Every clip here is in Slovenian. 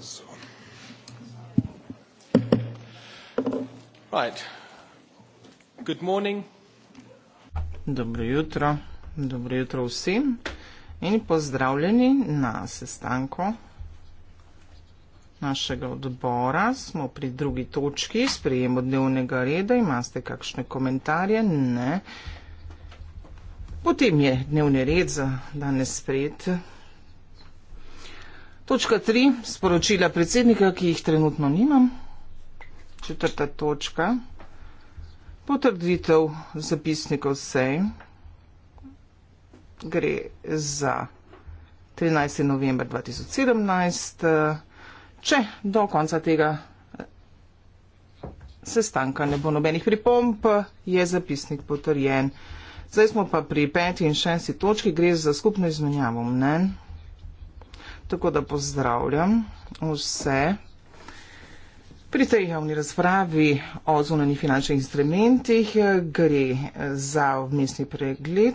So. Right. Good morning. Dobro jutro. Dobro jutro vsem in pozdravljeni na sestanku našega odbora. Smo pri drugi točki, sprejemu dnevnega reda. Imate kakšne komentarje? Ne. Potem je dnevni red za danes sprejet. Točka tri, sporočila predsednika, ki jih trenutno nimam. Četrta točka, potrditev zapisnikov sej. Gre za 13. novembr 2017. Če do konca tega eh, sestanka ne bo nobenih pripomp, je zapisnik potrjen. Zdaj smo pa pri peti in šesti točki, gre za skupno izmenjavo mnen. Tako da pozdravljam vse pri tej javni razpravi o zunanjih finančnih instrumentih. Gre za vmesni pregled.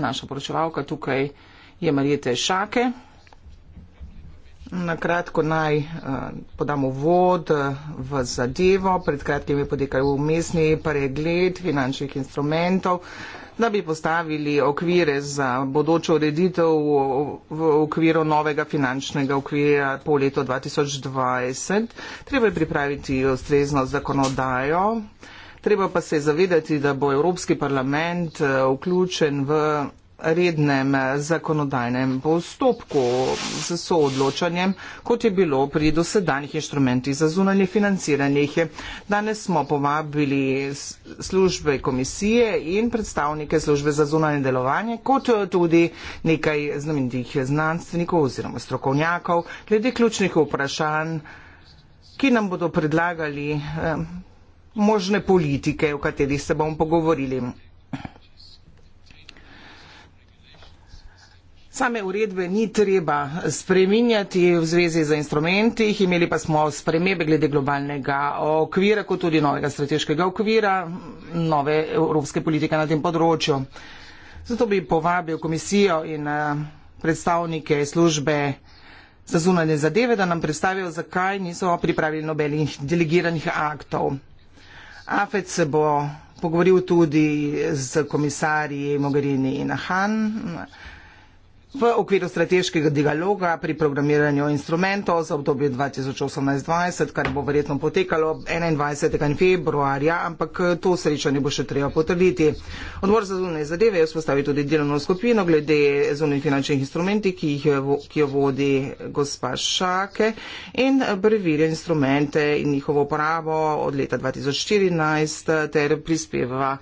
Naša poročevalka tukaj je Marijete Šake. Na kratko naj eh, podamo vod v zadevo. Pred kratkim je potekal vmesni pregled finančnih instrumentov da bi postavili okvire za bodočo ureditev v okviru novega finančnega okvira po letu 2020. Treba je pripraviti ustrezno zakonodajo. Treba pa se zavedati, da bo Evropski parlament eh, vključen v rednem zakonodajnem postopku z soodločanjem, kot je bilo pri dosedanjih inštrumentih za zunanje financiranje. Danes smo povabili službe komisije in predstavnike službe za zunanje delovanje, kot eh, tudi nekaj znamenitih znanstvenikov oziroma strokovnjakov glede ključnih vprašanj, ki nam bodo predlagali eh, možne politike, o katerih se bomo pogovorili. Same uredbe ni treba spreminjati v zvezi z instrumenti, imeli pa smo spremebe glede globalnega okvira, kot tudi novega strateškega okvira, nove evropske politike na tem področju. Zato bi povabil komisijo in eh, predstavnike službe za zunanje zadeve, da nam predstavijo, zakaj niso pripravili nobenih delegiranih aktov. AFED se bo pogovoril tudi z komisarji Mogherini in Han. V okviru strateškega dialoga pri programiranju instrumentov za obdobje 2018-2020, kar bo verjetno potekalo 21. februarja, ampak to srečanje bo še treba potrditi. Odbor za zunanje zadeve je vzpostavil tudi delovno skupino glede zunanjih finančnih instrumenti, ki, jih, ki jo vodi gospa Šake in brevirja instrumente in njihovo uporabo od leta 2014 ter prispeva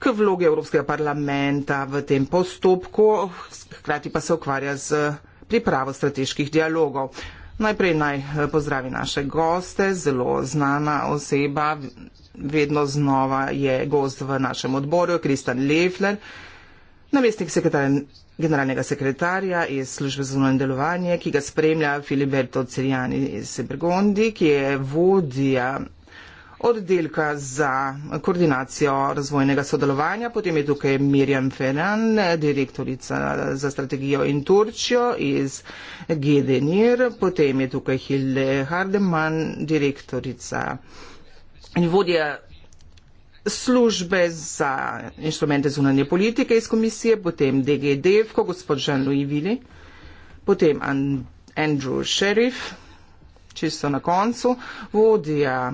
k vlogi Evropskega parlamenta v tem postopku, hkrati pa se ukvarja z pripravo strateških dialogov. Najprej naj eh, pozdravi naše goste, zelo znana oseba, vedno znova je gost v našem odboru, Kristjan Lefler, namestnik sekretar, generalnega sekretarja iz službe za zunanje delovanje, ki ga spremlja Filiberto Cirjani iz Sebergondi, ki je vodja oddelka za koordinacijo razvojnega sodelovanja. Potem je tukaj Mirjam Ferran, direktorica za strategijo in Turčjo iz GDNR. Potem je tukaj Hilde Hardeman, direktorica in vodja službe za inštrumente zunanje politike iz komisije, potem DGDF, ko gospod Jean-Louis Vili, potem Andrew Sheriff, čisto na koncu, vodja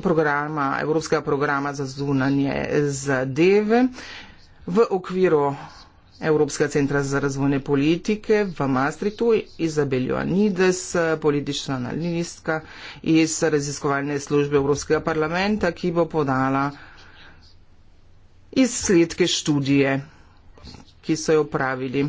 programa, Evropskega programa za zunanje zadeve. V okviru Evropskega centra za razvojne politike v Maastrichtu Izabel Joanides, politična analitika iz raziskovalne službe Evropskega parlamenta, ki bo podala izsledke študije, ki so jo pravili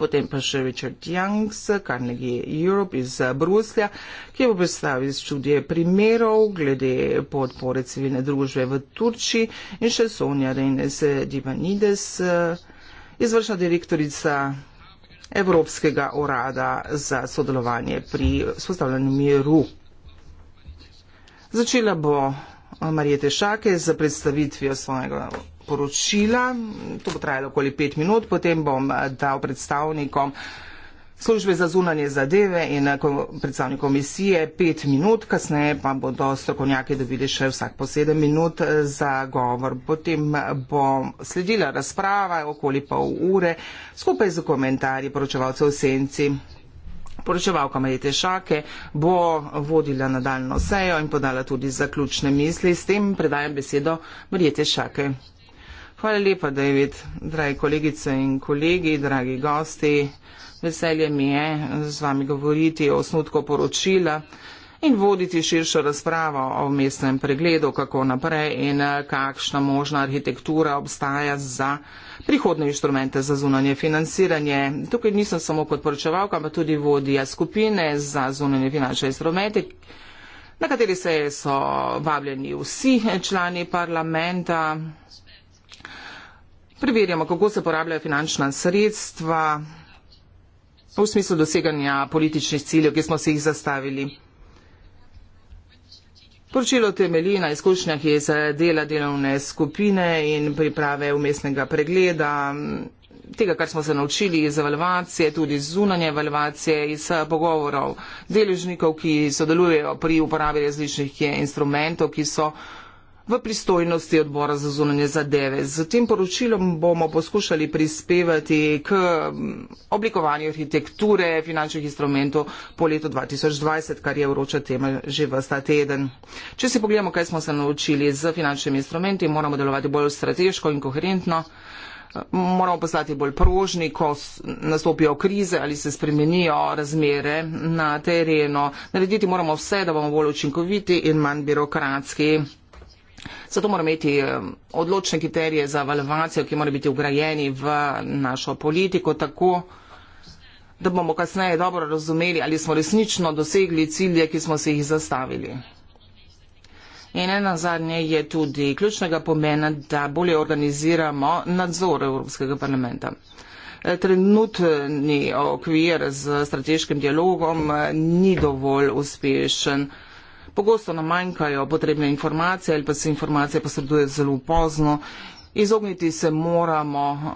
potem pa še Richard Youngs, Carnegie Europe iz eh, Bruslja, ki bo predstavil študije primerov glede podpore civilne družbe v Turčiji in še Sonja Reines eh, Divanides, eh, izvršna direktorica Evropskega urada za sodelovanje pri spostavljanju miru. Začela bo Marijete Šake za predstavitvijo svojega poročila. To bo trajalo okoli pet minut, potem bom eh, dal predstavnikom. Službe za zunanje zadeve in eh, predstavnik komisije pet minut, kasneje pa bodo strokovnjaki dobili še vsak po sedem minut eh, za govor. Potem bo sledila razprava okoli pol ure skupaj z komentarji poročevalcev v senci. Poročevalka Marite Šake bo vodila nadaljno sejo in podala tudi zaključne misli. S tem predajam besedo Marite Šake. Hvala lepa, David, dragi kolegice in kolegi, dragi gosti. Veselje mi je z vami govoriti o osnutku poročila in voditi širšo razpravo o mestnem pregledu, kako naprej in eh, kakšna možna arhitektura obstaja za prihodne inštrumente za zunanje financiranje. Tukaj nisem samo kot poročevalka, ampak tudi vodja skupine za zunanje finančne instrumente na kateri se so vabljeni vsi člani parlamenta, preverjamo, kako se porabljajo finančna sredstva v smislu doseganja političnih ciljev, ki smo si jih zastavili. Poročilo temelji na izkušnjah iz dela delovne skupine in priprave umestnega pregleda, tega, kar smo se naučili iz evalvacije, tudi iz zunanje evalvacije, iz pogovorov deležnikov, ki sodelujejo pri uporabi različnih instrumentov, ki so v pristojnosti odbora za zunanje zadeve. Z tem poročilom bomo poskušali prispevati k mm, oblikovanju arhitekture finančnih instrumentov po letu 2020, kar je vroča tema že v sta teden. Če si pogledamo, kaj smo se naučili z finančnimi instrumenti, moramo delovati bolj strateško in koherentno. Moramo postati bolj prožni, ko nastopijo krize ali se spremenijo razmere na terenu. Narediti moramo vse, da bomo bolj učinkoviti in manj birokratski. Zato moramo imeti odločne kriterije za valovacijo, ki mora biti ugrajeni v našo politiko tako, da bomo kasneje dobro razumeli, ali smo resnično dosegli cilje, ki smo se jih zastavili. In ena zadnje je tudi ključnega pomena, da bolje organiziramo nadzor Evropskega parlamenta. E, trenutni okvir z strateškim dialogom e, ni dovolj uspešen. Pogosto nam manjkajo potrebne informacije ali pa se informacije posreduje zelo pozno. Izogniti se moramo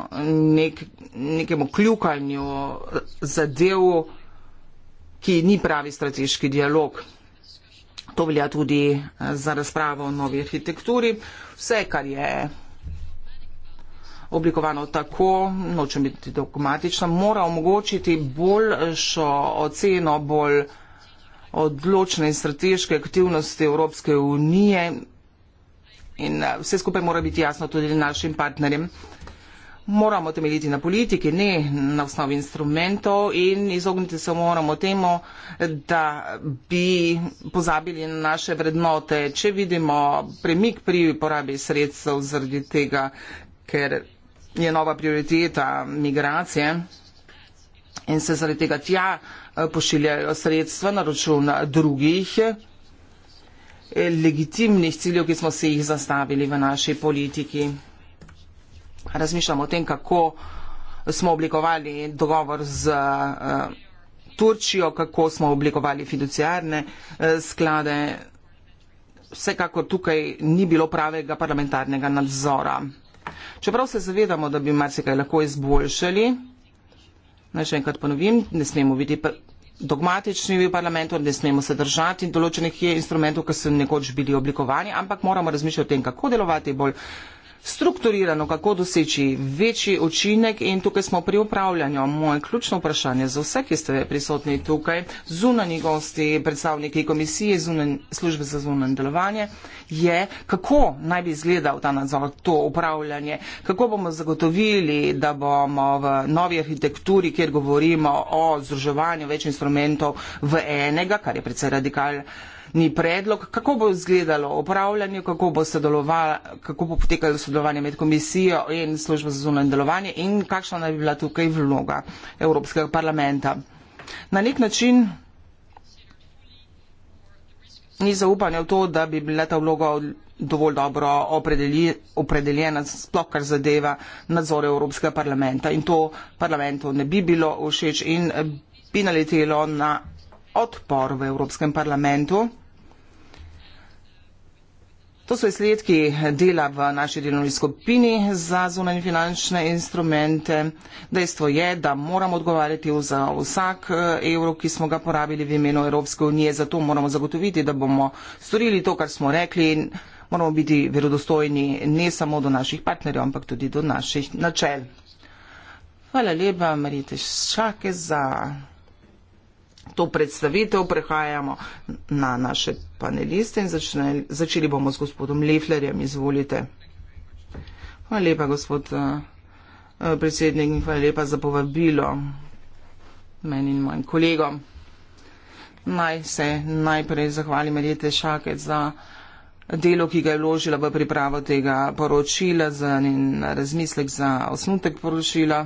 nek, nekemu kljukanju zadev, ki ni pravi strateški dialog. To velja tudi eh, za razpravo o novi arhitekturi. Vse, kar je oblikovano tako, nočem biti dogmatična, mora omogočiti boljšo oceno, bolj. Šo, oceno, bolj odločne in strateške aktivnosti Evropske unije in eh, vse skupaj mora biti jasno tudi našim partnerjem. Moramo temeljiti na politiki, ne na osnovi instrumentov in izogniti se moramo temu, da bi pozabili na naše vrednote, če vidimo premik pri porabi sredstev zaradi tega, ker je nova prioriteta migracije in se zaradi tega tja pošiljajo sredstva na račun drugih eh, legitimnih ciljev, ki smo se jih zastavili v naši politiki. Razmišljamo o tem, kako smo oblikovali dogovor z eh, Turčijo, kako smo oblikovali fiduciarne eh, sklade. Vsekakor tukaj ni bilo pravega parlamentarnega nadzora. Čeprav se zavedamo, da bi marsikaj lahko izboljšali, Naj še enkrat ponovim, ne smemo biti dogmatični v parlamentu, ne smemo se držati določenih instrumentov, ki so nekoč bili oblikovani, ampak moramo razmišljati o tem, kako delovati bolj strukturirano, kako doseči večji učinek in tukaj smo pri upravljanju. Moje ključno vprašanje za vse, ki ste prisotni tukaj, zunani gosti, predstavniki komisije, zunan, službe za zunan delovanje, je, kako naj bi izgledal ta nadzor, to upravljanje, kako bomo zagotovili, da bomo v novi arhitekturi, kjer govorimo o združevanju več instrumentov v enega, kar je predvsej radikalno, ni predlog, kako bo izgledalo upravljanje, kako bo, kako bo potekalo sodelovanje med komisijo in službo za zunanje delovanje in kakšna naj bi bila tukaj vloga Evropskega parlamenta. Na nek način ni zaupanja v to, da bi bila ta vloga dovolj dobro opredeljena, sploh kar zadeva nadzore Evropskega parlamenta in to parlamentu ne bi bilo všeč in bi naletelo na odpor v Evropskem parlamentu. To so izsledki dela v naši delovni skupini za zunanje finančne instrumente. Dejstvo je, da moramo odgovarjati za vsak eh, evro, ki smo ga porabili v imenu Evropske unije. Zato moramo zagotoviti, da bomo storili to, kar smo rekli. Moramo biti verodostojni ne samo do naših partnerjev, ampak tudi do naših načel. Hvala lepa, Marite Šake, za to predstavitev. Prehajamo na naše paneliste in začne, začeli bomo z gospodom Leflerjem. Izvolite. Hvala lepa, gospod eh, eh, predsednik, in hvala lepa za povabilo meni in mojim kolegom. Naj se najprej zahvalim Rete Šakec za delo, ki ga je vložila v pripravo tega poročila, za njen razmislek, za osnutek poročila.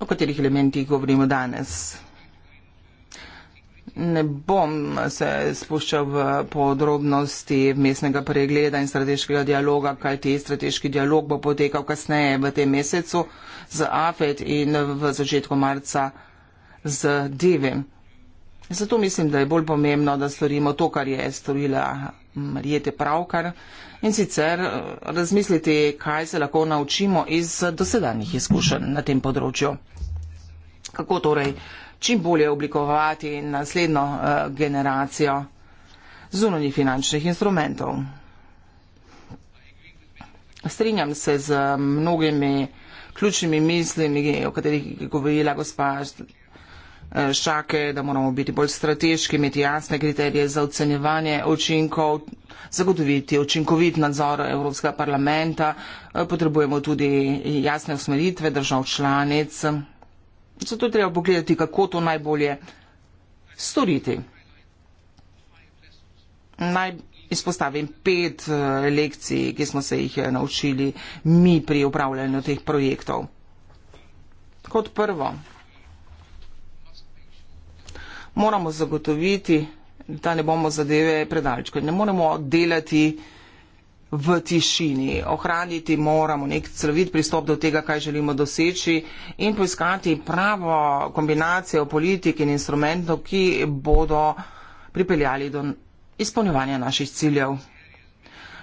O katerih elementih govorimo danes? Ne bom se spuščal v podrobnosti mestnega pregleda in strateškega dialoga, kaj ti strateški dialog bo potekal kasneje v tem mesecu z AFET in v začetku marca z DIVIM. Zato mislim, da je bolj pomembno, da storimo to, kar je storila Marijete Pravkar in sicer eh, razmisliti, kaj se lahko naučimo iz dosedanjih izkušenj na tem področju. Kako torej? čim bolje oblikovati naslednjo uh, generacijo zunanjih finančnih instrumentov. Strinjam se z mnogimi ključnimi mislimi, o katerih je govorila gospa eh, Šake, da moramo biti bolj strateški, imeti jasne kriterije za ocenjevanje učinkov, zagotoviti učinkovit nadzor Evropskega parlamenta, eh, potrebujemo tudi jasne usmeritve držav članic. Zato treba pogledati, kako to najbolje storiti. Naj izpostavim pet eh, lekcij, ki smo se jih eh, naučili mi pri upravljanju teh projektov. Kot prvo, moramo zagotoviti, da ne bomo zadeve predalčko. Ne moremo delati predalčko v tišini. Ohraniti moramo nek celovit pristop do tega, kaj želimo doseči in poiskati pravo kombinacijo politik in instrumentov, ki bodo pripeljali do izpolnjevanja naših ciljev.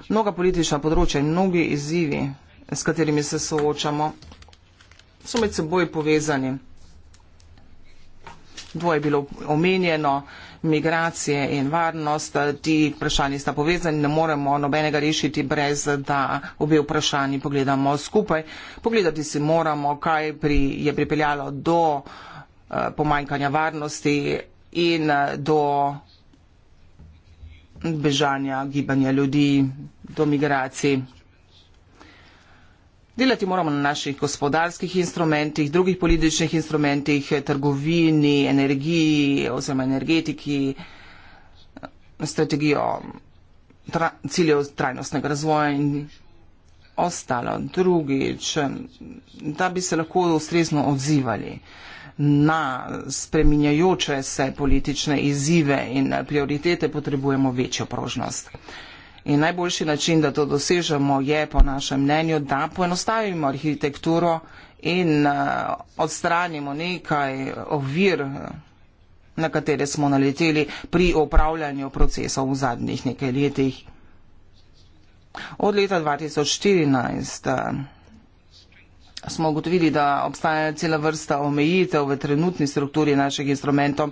Mnoga politična področja in mnogi izzivi, s katerimi se soočamo, so med seboj povezani. Dvoje je bilo omenjeno migracije in varnost. Ti vprašanji sta povezani, ne moremo nobenega rešiti brez, da obe vprašanji pogledamo skupaj. Pogledati si moramo, kaj pri, je pripeljalo do eh, pomanjkanja varnosti in eh, do bežanja gibanja ljudi, do migracij. Delati moramo na naših gospodarskih instrumentih, drugih političnih instrumentih, trgovini, energiji oziroma energetiki, strategijo tra, ciljev trajnostnega razvoja in ostalo. Drugič, da bi se lahko ustrezno odzivali na spreminjajoče se politične izzive in prioritete, potrebujemo večjo prožnost. In najboljši način, da to dosežemo, je po našem mnenju, da poenostavimo arhitekturo in eh, odstranimo nekaj ovir, na katere smo naleteli pri upravljanju procesov v zadnjih nekaj letih. Od leta 2014 eh, smo ugotovili, da obstaja cela vrsta omejitev v trenutni strukturi naših instrumentov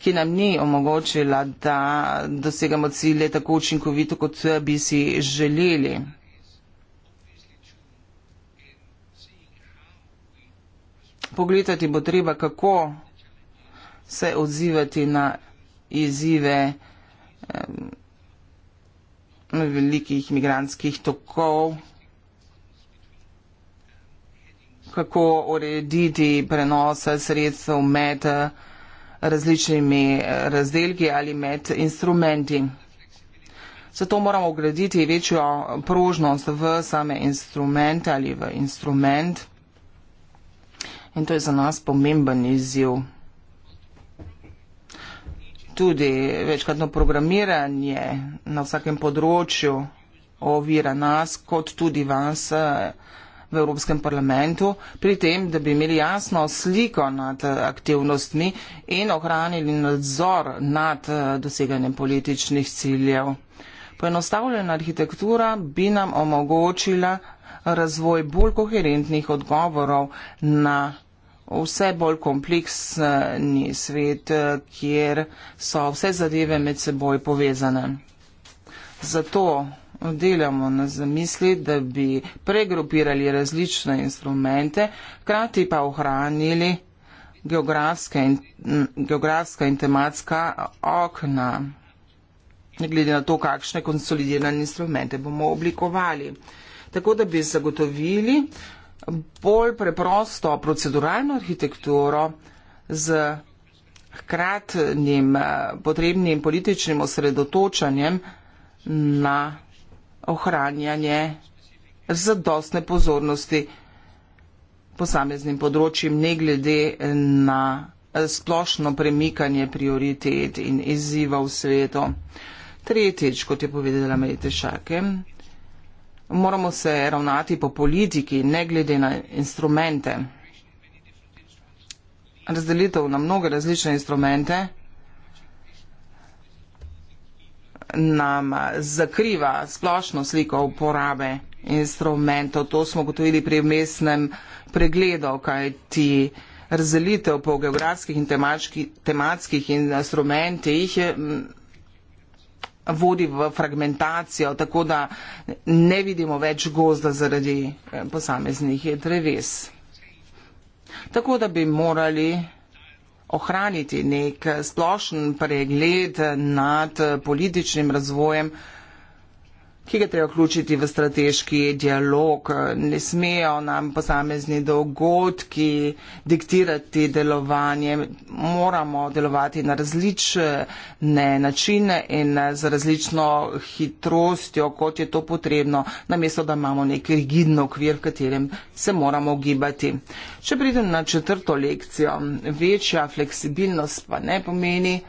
ki nam ni omogočila, da dosegamo cilje tako učinkovito, kot bi si želeli. Pogledati bo treba, kako se odzivati na izzive eh, velikih imigranskih tokov, kako urediti prenose sredstev med eh, različnimi eh, razdelki ali med instrumenti. Zato moramo graditi večjo prožnost v same instrumente ali v instrument. In to je za nas pomemben izziv. Tudi večkratno programiranje na vsakem področju ovira nas, kot tudi vas, eh, v Evropskem parlamentu, pri tem, da bi imeli jasno sliko nad eh, aktivnostmi in ohranili nadzor nad eh, doseganjem političnih ciljev. Poenostavljena arhitektura bi nam omogočila razvoj bolj koherentnih odgovorov na vse bolj kompleksni svet, eh, kjer so vse zadeve med seboj povezane. Zato delamo na zamisli, da bi pregrupirali različne instrumente, hkrati pa ohranili geografska in, geografska in tematska okna, glede na to, kakšne konsolidirane instrumente bomo oblikovali. Tako da bi zagotovili bolj preprosto proceduralno arhitekturo z hkratnim potrebnim političnim osredotočanjem na ohranjanje zadostne pozornosti posameznim področjem, ne glede na splošno premikanje prioritet in izziva v svetu. Tretjič, kot je povedala Mejte Šake, moramo se ravnati po politiki, ne glede na instrumente. Razdelitev na mnoge različne instrumente nam zakriva splošno sliko uporabe instrumentov. To smo gotovili pri mestnem pregledu, kaj ti razdelitev po geografskih in temački, tematskih instrumentih vodi v fragmentacijo, tako da ne vidimo več gozda zaradi eh, posameznih dreves. Tako da bi morali ohraniti nek splošen pregled nad političnim razvojem ki ga treba vključiti v strateški dialog. Ne smejo nam posamezni dogodki diktirati delovanje. Moramo delovati na različne načine in z različno hitrostjo, kot je to potrebno, namesto da imamo nek rigidn okvir, v katerem se moramo gibati. Če pridem na četrto lekcijo, večja fleksibilnost pa ne pomeni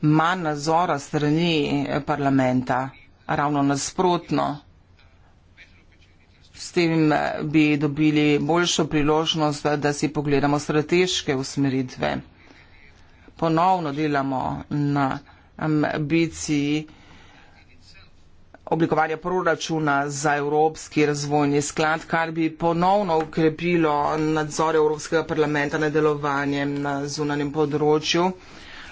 manj nazora strani eh, parlamenta, ravno nasprotno. S tem eh, bi dobili boljšo priložnost, eh, da si pogledamo strateške usmeritve. Ponovno delamo na ambiciji oblikovanja proračuna za Evropski razvojni sklad, kar bi ponovno ukrepilo nadzor Evropskega parlamenta nad delovanjem na zunanjem področju.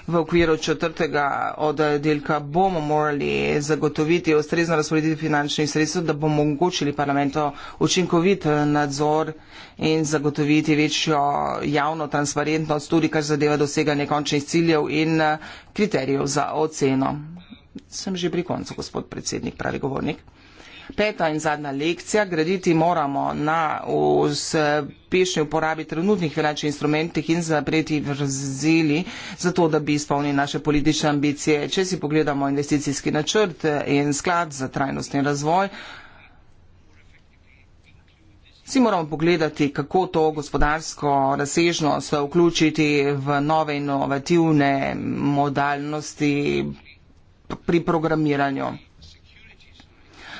V okviru četrtega oddelka bomo morali zagotoviti ustrezno razporeditev finančnih sredstev, da bomo omogočili parlamento učinkovit nadzor in zagotoviti večjo javno transparentnost, tudi kar zadeva doseganje končnih ciljev in eh, kriterijev za oceno. Sem že pri koncu, gospod predsednik, pravi govornik. Peta in zadnja lekcija, graditi moramo na uspešni uporabi trenutnih finančnih instrumentih in zapreti vrzeli, zato da bi izpolnili naše politične ambicije. Če si pogledamo investicijski načrt in sklad za trajnostni razvoj, Vsi moramo pogledati, kako to gospodarsko razsežnost vključiti v nove inovativne modalnosti pri programiranju.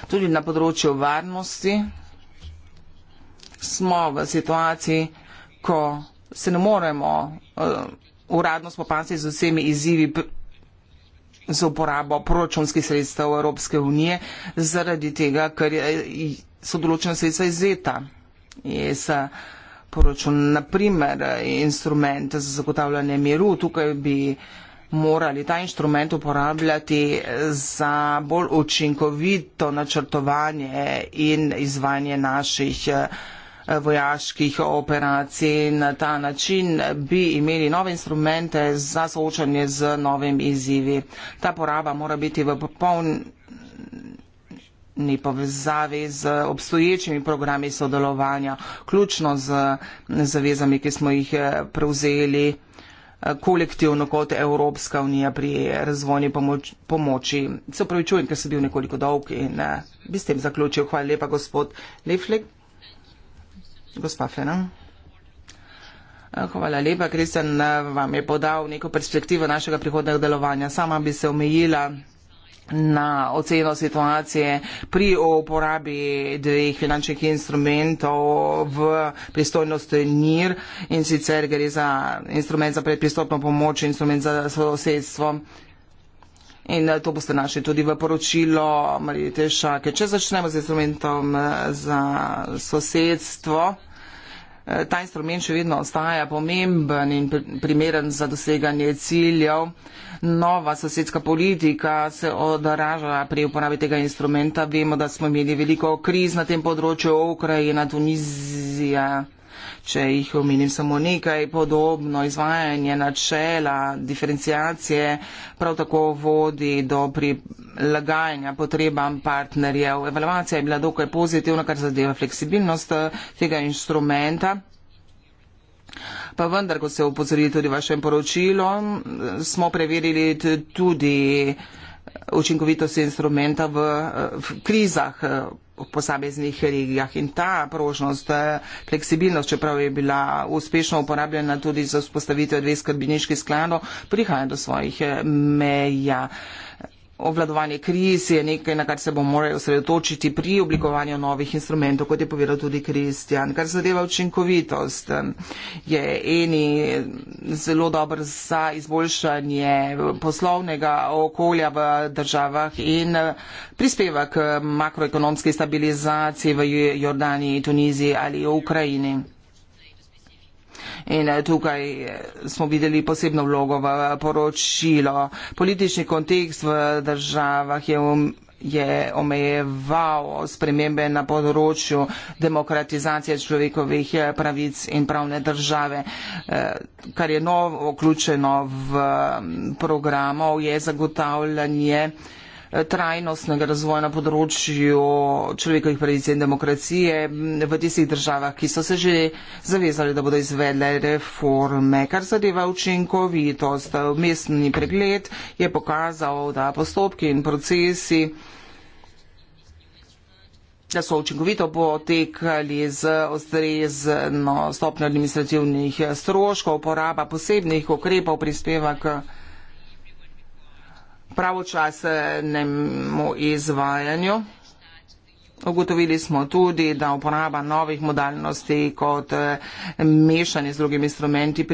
Tudi na področju varnosti smo v situaciji, ko se ne moremo uh, uradno spopasti z vsemi izzivi z uporabo proračunskih sredstev Evropske unije, zaradi tega, ker so določena sredstva izzeta iz eh, proračuna, naprimer eh, instrument za zagotavljanje miru. Tukaj bi uh, morali ta inštrument uporabljati za bolj učinkovito načrtovanje in izvajanje naših eh, vojaških operacij. Na ta način bi imeli nove instrumente za soočanje z novimi izzivi. Ta poraba mora biti v popolni povezavi z obstoječimi programi sodelovanja, ključno z zavezami, ki smo jih eh, prevzeli. Eh, kolektivno kot Evropska unija pri razvojni pomoč, pomoči. Se upravičujem, ker sem bil nekoliko dolg in uh, bi s tem zaključil. Hvala lepa, gospod Leflek. Gospa Fenan. Eh, hvala lepa, Kristjan, vam je podal neko perspektivo našega prihodnega delovanja. Sama bi se omejila na oceno situacije pri uporabi dveh finančnih instrumentov v pristojnosti NIR in sicer gre za instrument za predpristopno pomoč, instrument za sosedstvo. In eh, to boste našli tudi v poročilo Marije Tešake. Če začnemo z instrumentom eh, za sosedstvo, Eh, ta instrument še vedno ostaja pomemben in primeren za doseganje ciljev. Nova sosedska politika se odraža pri uporabi tega instrumenta. Vemo, da smo imeli veliko kriz na tem področju, Ukrajina, Tunizija. Če jih omenim samo nekaj, podobno izvajanje načela diferencijacije prav tako vodi do prilagajanja potrebam partnerjev. Evaluacija je bila dokaj pozitivna, kar zadeva fleksibilnost eh, tega inštrumenta. Pa vendar, ko se je upozorili tudi vašem poročilom, eh, smo preverili tudi učinkovitosti instrumenta v, v krizah eh, v posameznih regijah. In ta prožnost, eh, fleksibilnost, čeprav je bila uspešno uporabljena tudi za vzpostavitev dveh skrbniških skladov, prihaja do svojih eh, meja. Obvladovanje kriz je nekaj, na kar se bomo morali osredotočiti pri oblikovanju novih instrumentov, kot je povedal tudi Kristjan. Kar zadeva učinkovitost, je eni zelo dober za izboljšanje poslovnega okolja v državah in prispeva k makroekonomski stabilizaciji v Jordani, Tuniziji ali Ukrajini. In eh, tukaj eh, smo videli posebno vlogo v eh, poročilo. Politični kontekst v državah je um, je omejeval spremembe na področju demokratizacije človekovih pravic in pravne države. Kar je novo vključeno v mm, programov je zagotavljanje Eh, trajnostnega razvoja na področju človekovih pravic in demokracije mm, v tistih državah, ki so se že zavezali, da bodo izvedle reforme, kar zadeva učinkovitost. Mestni pregled je pokazal, da postopki in procesi da so učinkovito potekali z ostrezno stopnjo administrativnih stroškov, poraba posebnih ukrepov prispeva k pravočasnemu izvajanju. Ugotovili smo tudi, da uporaba novih modalnosti kot eh, mešanje z drugimi instrumenti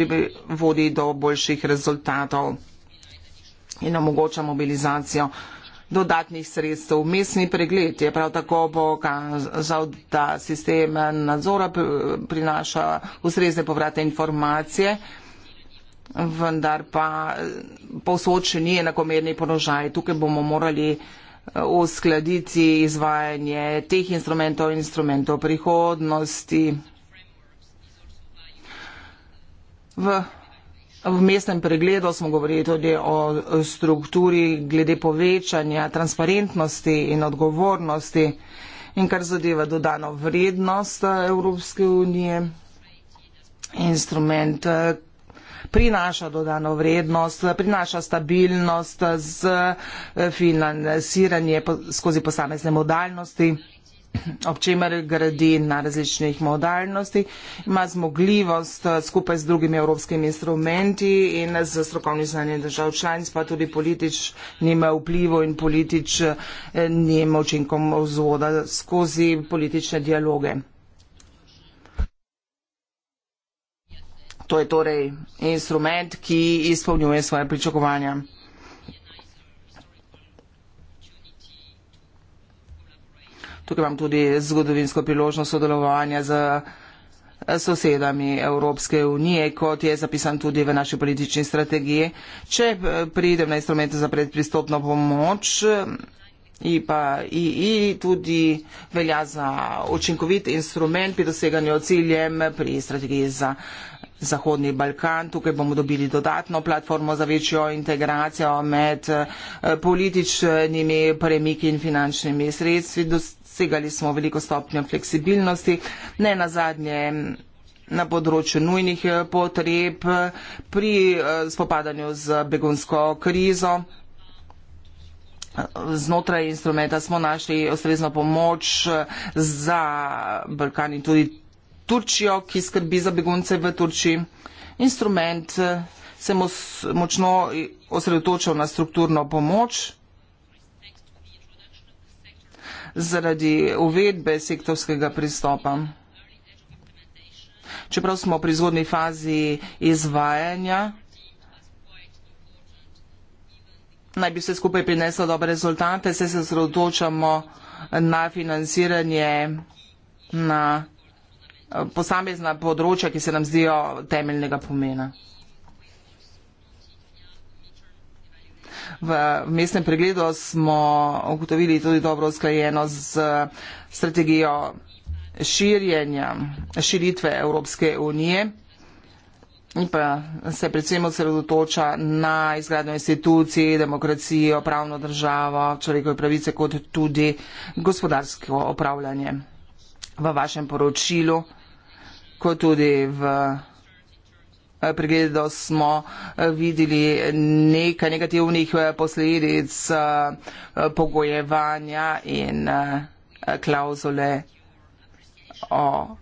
vodi do boljših rezultatov in omogoča mobilizacijo dodatnih sredstev. Mestni pregled je prav tako pokazal, da sistem nadzora prinaša ustrezne povrate informacije, vendar pa povsod še ni enakomerni položaj. Tukaj bomo morali eh, uskladiti izvajanje teh instrumentov in instrumentov prihodnosti. V V mestnem pregledu smo govorili tudi o eh, strukturi glede povečanja transparentnosti in odgovornosti in kar zadeva dodano vrednost eh, Evropske unije, instrument, prinaša dodano vrednost, prinaša stabilnost z eh, financiranje skozi posamezne modalnosti ob čemer gradi na različnih modalnosti, ima zmogljivost eh, skupaj z drugimi evropskimi instrumenti in z strokovnim znanjem držav članic, pa tudi političnim eh, vplivom in političnim učinkom vzvoda skozi politične dialoge. To je torej instrument, ki izpolnjuje svoje pričakovanja. Tukaj imam tudi zgodovinsko priložnost sodelovanja z eh, sosedami Evropske unije, kot je zapisan tudi v naši politični strategiji. Če eh, pridem na instrumente za predpristopno pomoč, eh, I pa II tudi velja za učinkovit instrument pri doseganju ciljem pri strategiji za uh, Zahodni Balkan. Tukaj bomo dobili dodatno platformo za večjo integracijo med eh, političnimi premiki in finančnimi sredstvi. Dosegali smo veliko stopnjo fleksibilnosti. Ne na zadnje na področju nujnih eh, potreb pri eh, spopadanju z begunsko krizo. Znotraj instrumenta smo našli ustrezno pomoč za Balkan in tudi Turčijo, ki skrbi za begunce v Turčiji. Instrument eh, se močno osredotočal na strukturno pomoč. Zaradi uvedbe sektorskega pristopa. Čeprav smo pri zgodni fazi izvajanja, naj bi vse skupaj prineslo dobre rezultate, se se osredotočamo na financiranje, na posamezna področja, ki se nam zdijo temeljnega pomena. V mestnem pregledu smo ugotovili tudi dobro sklajeno z strategijo širjenja, širitve Evropske unije in pa se predvsem osredotoča na izgradnjo institucij, demokracijo, pravno državo, človekove pravice kot tudi gospodarsko upravljanje. V vašem poročilu kot tudi v eh, pregledu smo eh, videli nekaj negativnih eh, posledic pogojevanja in klauzule o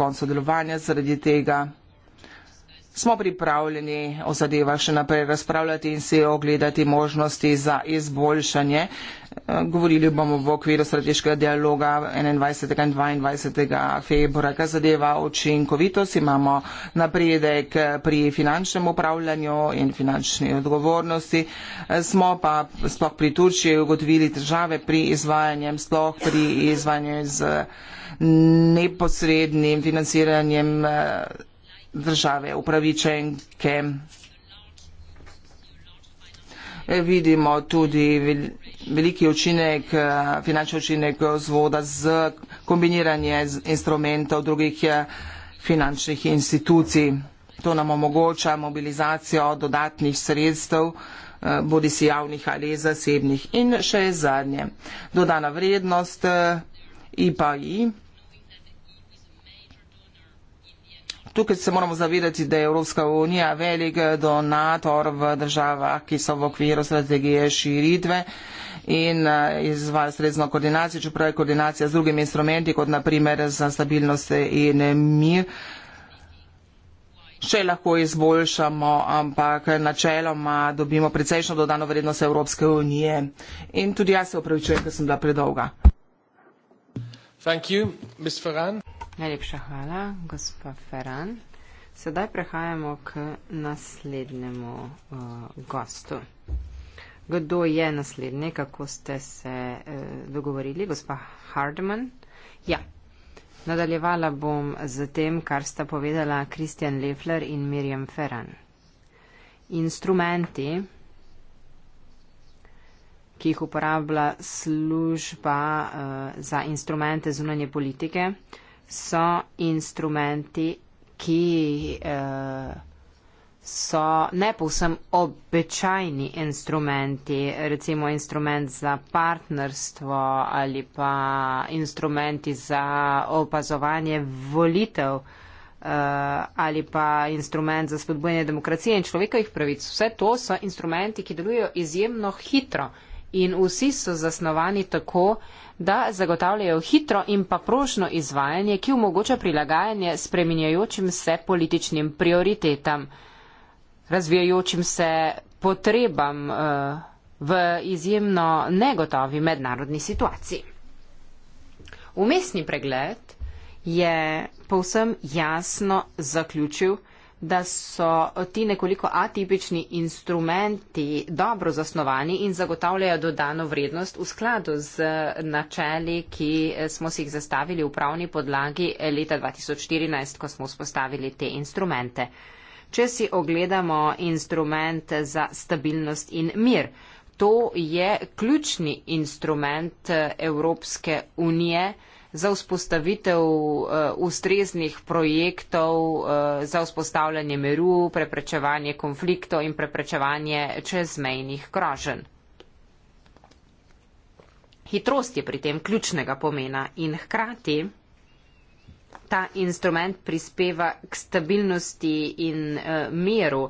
koncu delovanja zaradi tega smo pripravljeni o zadevah še naprej razpravljati in se ogledati možnosti za izboljšanje. Eh, govorili bomo v okviru strateškega dialoga 21. in 22. februarja, kar zadeva učinkovitost. Imamo napredek pri finančnem upravljanju in finančni odgovornosti. Eh, smo pa sploh pri Turčiji ugotovili države pri izvajanjem, sploh pri izvajanju z neposrednim financiranjem eh, države upravičenke. Vidimo tudi veliki učinek, finančni učinek vzvoda z kombiniranje instrumentov drugih finančnih institucij. To nam omogoča mobilizacijo dodatnih sredstev, bodi si javnih ali zasebnih. In še zadnje, dodana vrednost IPA-i. Tukaj se moramo zavedati, da je Evropska unija velik donator v državah, ki so v okviru strategije širitve in eh, izvaja sredstveno koordinacijo, čeprav je koordinacija z drugimi instrumenti, kot naprimer za stabilnost in mir. Še lahko izboljšamo, ampak načeloma dobimo precejšno dodano vrednost Evropske unije. In tudi jaz se upravičujem, ker sem bila predolga. Thank you, Ms. Ferran. Najlepša hvala, gospa Ferran. Sedaj prehajamo k naslednjemu uh, gostu. Kdo je naslednji, kako ste se uh, dogovorili, gospa Hardman? Ja, nadaljevala bom z tem, kar sta povedala Kristjan Lefler in Mirjam Ferran. Instrumenti, ki jih uporablja služba uh, za instrumente zunanje politike, uh, so instrumenti, ki eh, so ne povsem običajni instrumenti, recimo instrument za partnerstvo ali pa instrumenti za opazovanje volitev eh, ali pa instrument za spodbujanje demokracije in človekovih pravic. Vse to so instrumenti, ki delujejo izjemno hitro in vsi so zasnovani tako, da zagotavljajo hitro in pa prošno izvajanje, ki omogoča prilagajanje spreminjajočim se političnim prioritetam, razvijajočim se potrebam eh, v izjemno negotovi mednarodni situaciji. Umestni pregled je povsem jasno zaključil, da so ti nekoliko atipični instrumenti dobro zasnovani in zagotavljajo dodano vrednost v skladu z eh, načeli, ki eh, smo si jih zastavili v pravni podlagi eh, leta 2014, ko smo vzpostavili te instrumente. Če si ogledamo instrument za stabilnost in mir, to je ključni instrument Evropske unije, za vzpostavitev uh, ustreznih projektov uh, za vzpostavljanje miru, preprečevanje konfliktov in preprečevanje čezmejnih groženj. Hitrost je pri tem ključnega pomena in hkrati ta instrument prispeva k stabilnosti in uh, miru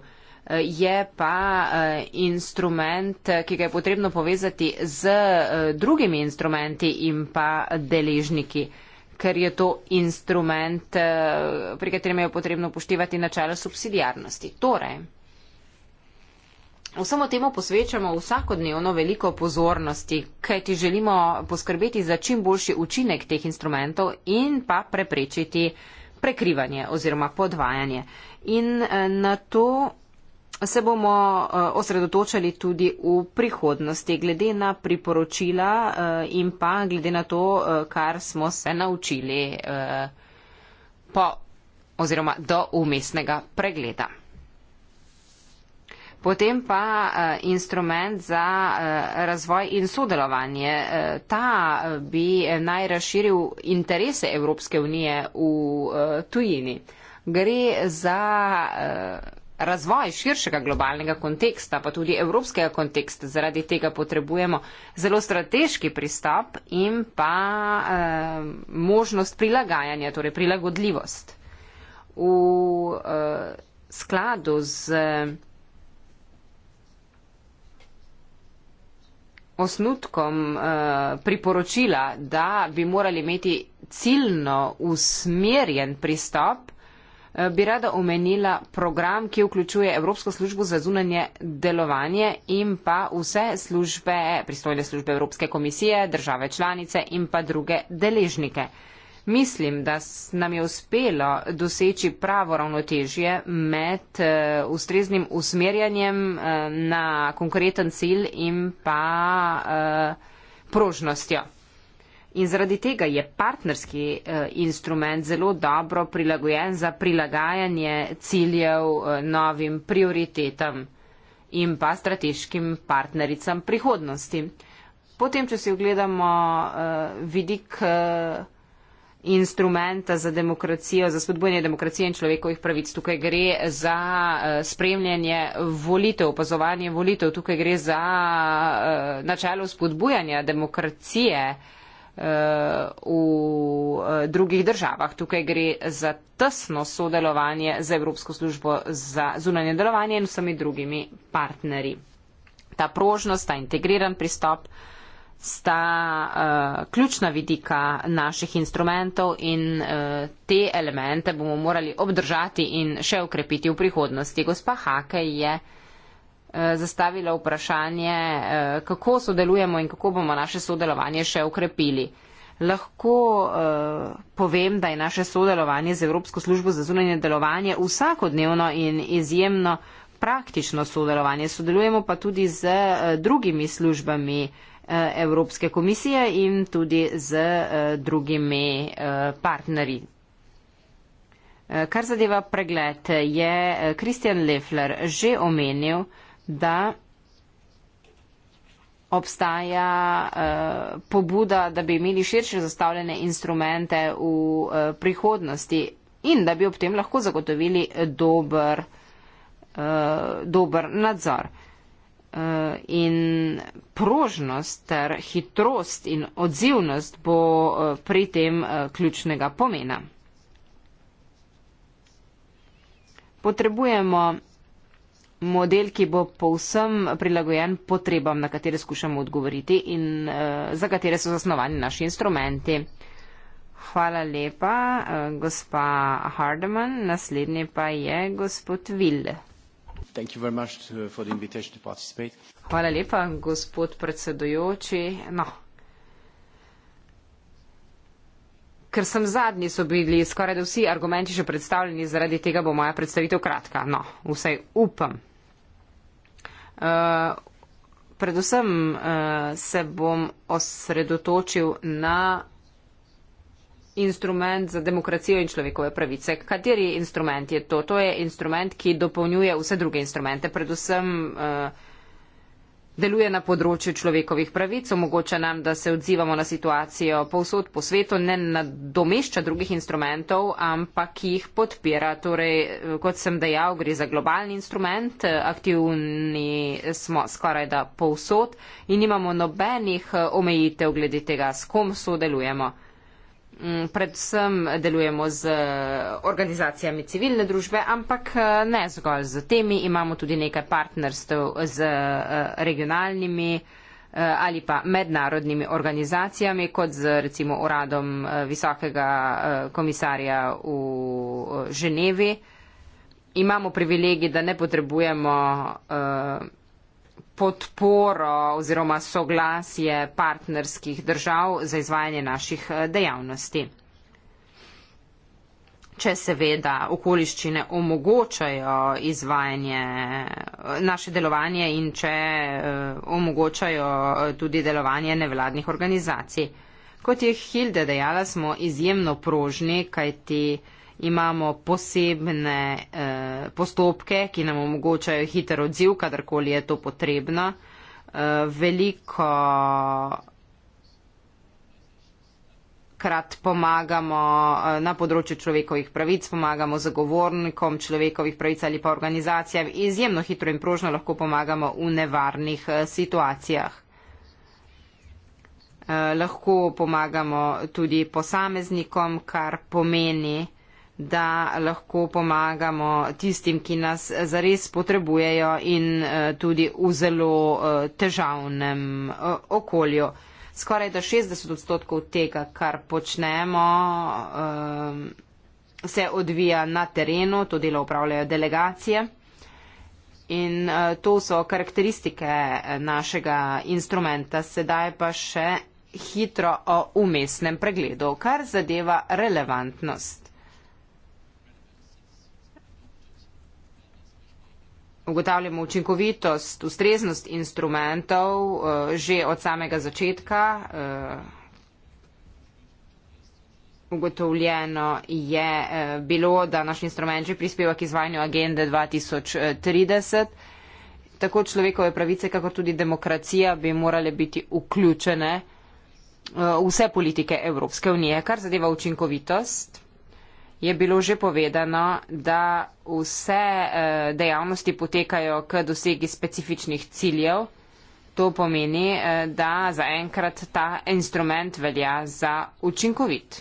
je pa eh, instrument, eh, ki ga je potrebno povezati z eh, drugimi instrumenti in pa deležniki, ker je to instrument, pri katerem je potrebno upoštevati načelo subsidijarnosti. Torej, vsemu temu posvečamo vsakodnevno veliko pozornosti, kajti želimo poskrbeti za čim boljši učinek teh instrumentov in pa preprečiti prekrivanje oziroma podvajanje. In na to se bomo eh, osredotočali tudi v prihodnosti, glede na priporočila eh, in pa glede na to, eh, kar smo se naučili po oziroma do umestnega pregleda. Potem pa instrument za razvoj in sodelovanje. Ta bi naj razširil interese Evropske unije v tujini. Gre za razvoj širšega globalnega konteksta, pa tudi evropskega konteksta, zaradi tega potrebujemo zelo strateški pristop in pa eh, možnost prilagajanja, torej prilagodljivost. V eh, skladu z eh, osnutkom eh, priporočila, da bi morali imeti ciljno usmerjen pristop, Eh, bi rada omenila program, ki vključuje Evropsko službo za zunanje delovanje in pa vse službe, pristojne službe Evropske komisije, države članice in pa druge deležnike. Mislim, da nam je uspelo doseči pravo ravnotežje med eh, ustreznim usmerjanjem eh, na konkreten cilj in pa prožnostjo. In zaradi tega je partnerski eh, instrument zelo dobro prilagojen za prilagajanje ciljev eh, novim prioritetam in pa strateškim partnericam prihodnosti. Potem, če si ogledamo eh, vidik instrumenta za demokracijo, za spodbojanje demokracije in človekovih pravic. Tukaj gre za spremljanje volitev, opazovanje volitev. Tukaj gre za načelo spodbujanja demokracije v eh, drugih državah. Tukaj gre za tesno sodelovanje z Evropsko službo za zunanje delovanje in vsemi drugimi partnerji. Ta prožnost, ta integriran pristop sta uh, ključna vidika naših instrumentov in uh, te elemente bomo morali obdržati in še ukrepiti v prihodnosti. Gospa Hake je uh, Eh, zastavila vprašanje, eh, kako sodelujemo in kako bomo naše sodelovanje še ukrepili. Lahko eh, povem, da je naše sodelovanje z Evropsko službo za zunanje delovanje vsakodnevno in izjemno praktično sodelovanje. Sodelujemo pa tudi z drugimi službami Evropske komisije in tudi z drugimi partnerji. Kar zadeva pregled, je Kristjan Lefler že omenil, da obstaja eh, pobuda, da bi imeli širše zastavljene instrumente v eh, prihodnosti in da bi ob tem lahko zagotovili dober, eh, dober nadzor. Eh, in prožnost ter hitrost in odzivnost bo eh, pri tem eh, ključnega pomena. Potrebujemo model, ki bo povsem prilagojen potrebam, na katere skušamo odgovoriti in eh, za katere so zasnovani naši instrumenti. Hvala lepa, eh, gospa Hardeman. Naslednji pa je gospod Ville. Eh, Hvala lepa, gospod predsedujoči. No. Ker sem zadnji, so bili skoraj da vsi argumenti še predstavljeni, zaradi tega bo moja predstavitev kratka. No, vsaj upam. Eh, predvsem uh, se bom osredotočil na instrument za demokracijo in človekove pravice. Kateri instrument je to? To je instrument, ki dopolnjuje vse druge instrumente, predvsem uh, deluje na področju človekovih pravic, omogoča nam, da se odzivamo na situacijo povsod po svetu, ne nadomešča drugih instrumentov, ampak jih podpira. Torej, kot sem dejal, gre za globalni instrument, aktivni smo skoraj da povsod in nimamo nobenih omejitev glede tega, s kom sodelujemo. Mm, predvsem delujemo z eh, organizacijami civilne družbe, ampak eh, ne zgolj z temi, imamo tudi nekaj partnerstv z eh, regionalnimi ali pa mednarodnimi organizacijami, kot z recimo uradom visokega komisarja v Ženevi. Imamo privilegij, da ne potrebujemo podporo oziroma soglasje partnerskih držav za izvajanje naših eh, dejavnosti. Če seveda okoliščine omogočajo izvajanje eh, naše delovanje in če eh, omogočajo tudi delovanje nevladnih organizacij. Kot je Hilde dejala, smo izjemno prožni, kajti imamo posebne e, postopke, ki nam omogočajo hiter odziv, kadarkoli je to potrebno. E, veliko krat pomagamo eh, na področju človekovih pravic, pomagamo zagovornikom človekovih pravic ali pa organizacijam, izjemno hitro in prožno lahko pomagamo v nevarnih situacijah. Lahko pomagamo tudi posameznikom, kar pomeni, da lahko pomagamo tistim, ki nas zares potrebujejo in eh, tudi v zelo eh, težavnem eh, okolju. Skoraj da 60 odstotkov tega, kar počnemo, se odvija na terenu, to delo upravljajo delegacije. In to so karakteristike našega instrumenta, sedaj pa še hitro o umestnem pregledu, kar zadeva relevantnost. ugotavljamo učinkovitost, ustreznost instrumentov eh, že od samega začetka. Eh, ugotovljeno je eh, bilo, da naš instrument že prispeva k izvajanju agende 2030. Tako človekove pravice, kako tudi demokracija bi morale biti vključene v vse politike Evropske unije, kar zadeva učinkovitost je bilo že povedano, da vse eh, dejavnosti potekajo k dosegi specifičnih ciljev. To pomeni, eh, da zaenkrat ta instrument velja za učinkovit.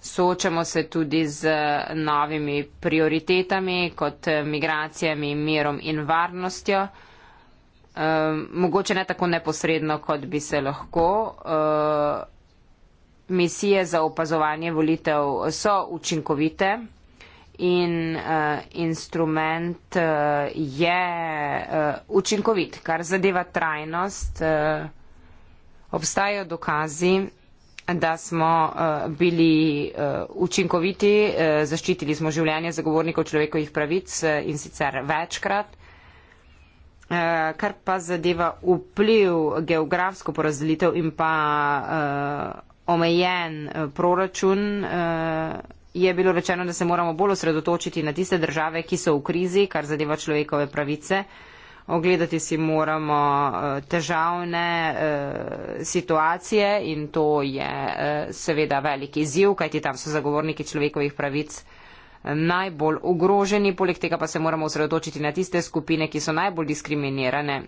Soočamo se tudi z novimi prioritetami, kot eh, migracijami, mirom in varnostjo. Mogoče ne tako neposredno, kot bi se lahko misije za opazovanje volitev so učinkovite in uh, instrument uh, je uh, učinkovit, kar zadeva trajnost. Uh, obstajajo dokazi, da smo uh, bili uh, učinkoviti, uh, zaščitili smo življenje zagovornikov človekovih pravic uh, in sicer večkrat. Uh, kar pa zadeva vpliv geografsko porazdelitev in pa uh, omejen eh, proračun, eh, je bilo rečeno, da se moramo bolj osredotočiti na tiste države, ki so v krizi, kar zadeva človekove pravice. Ogledati si moramo eh, težavne situacije in to je seveda velik izziv, kajti tam so zagovorniki človekovih pravic najbolj ogroženi, poleg tega pa se moramo osredotočiti na tiste skupine, ki so najbolj diskriminirane,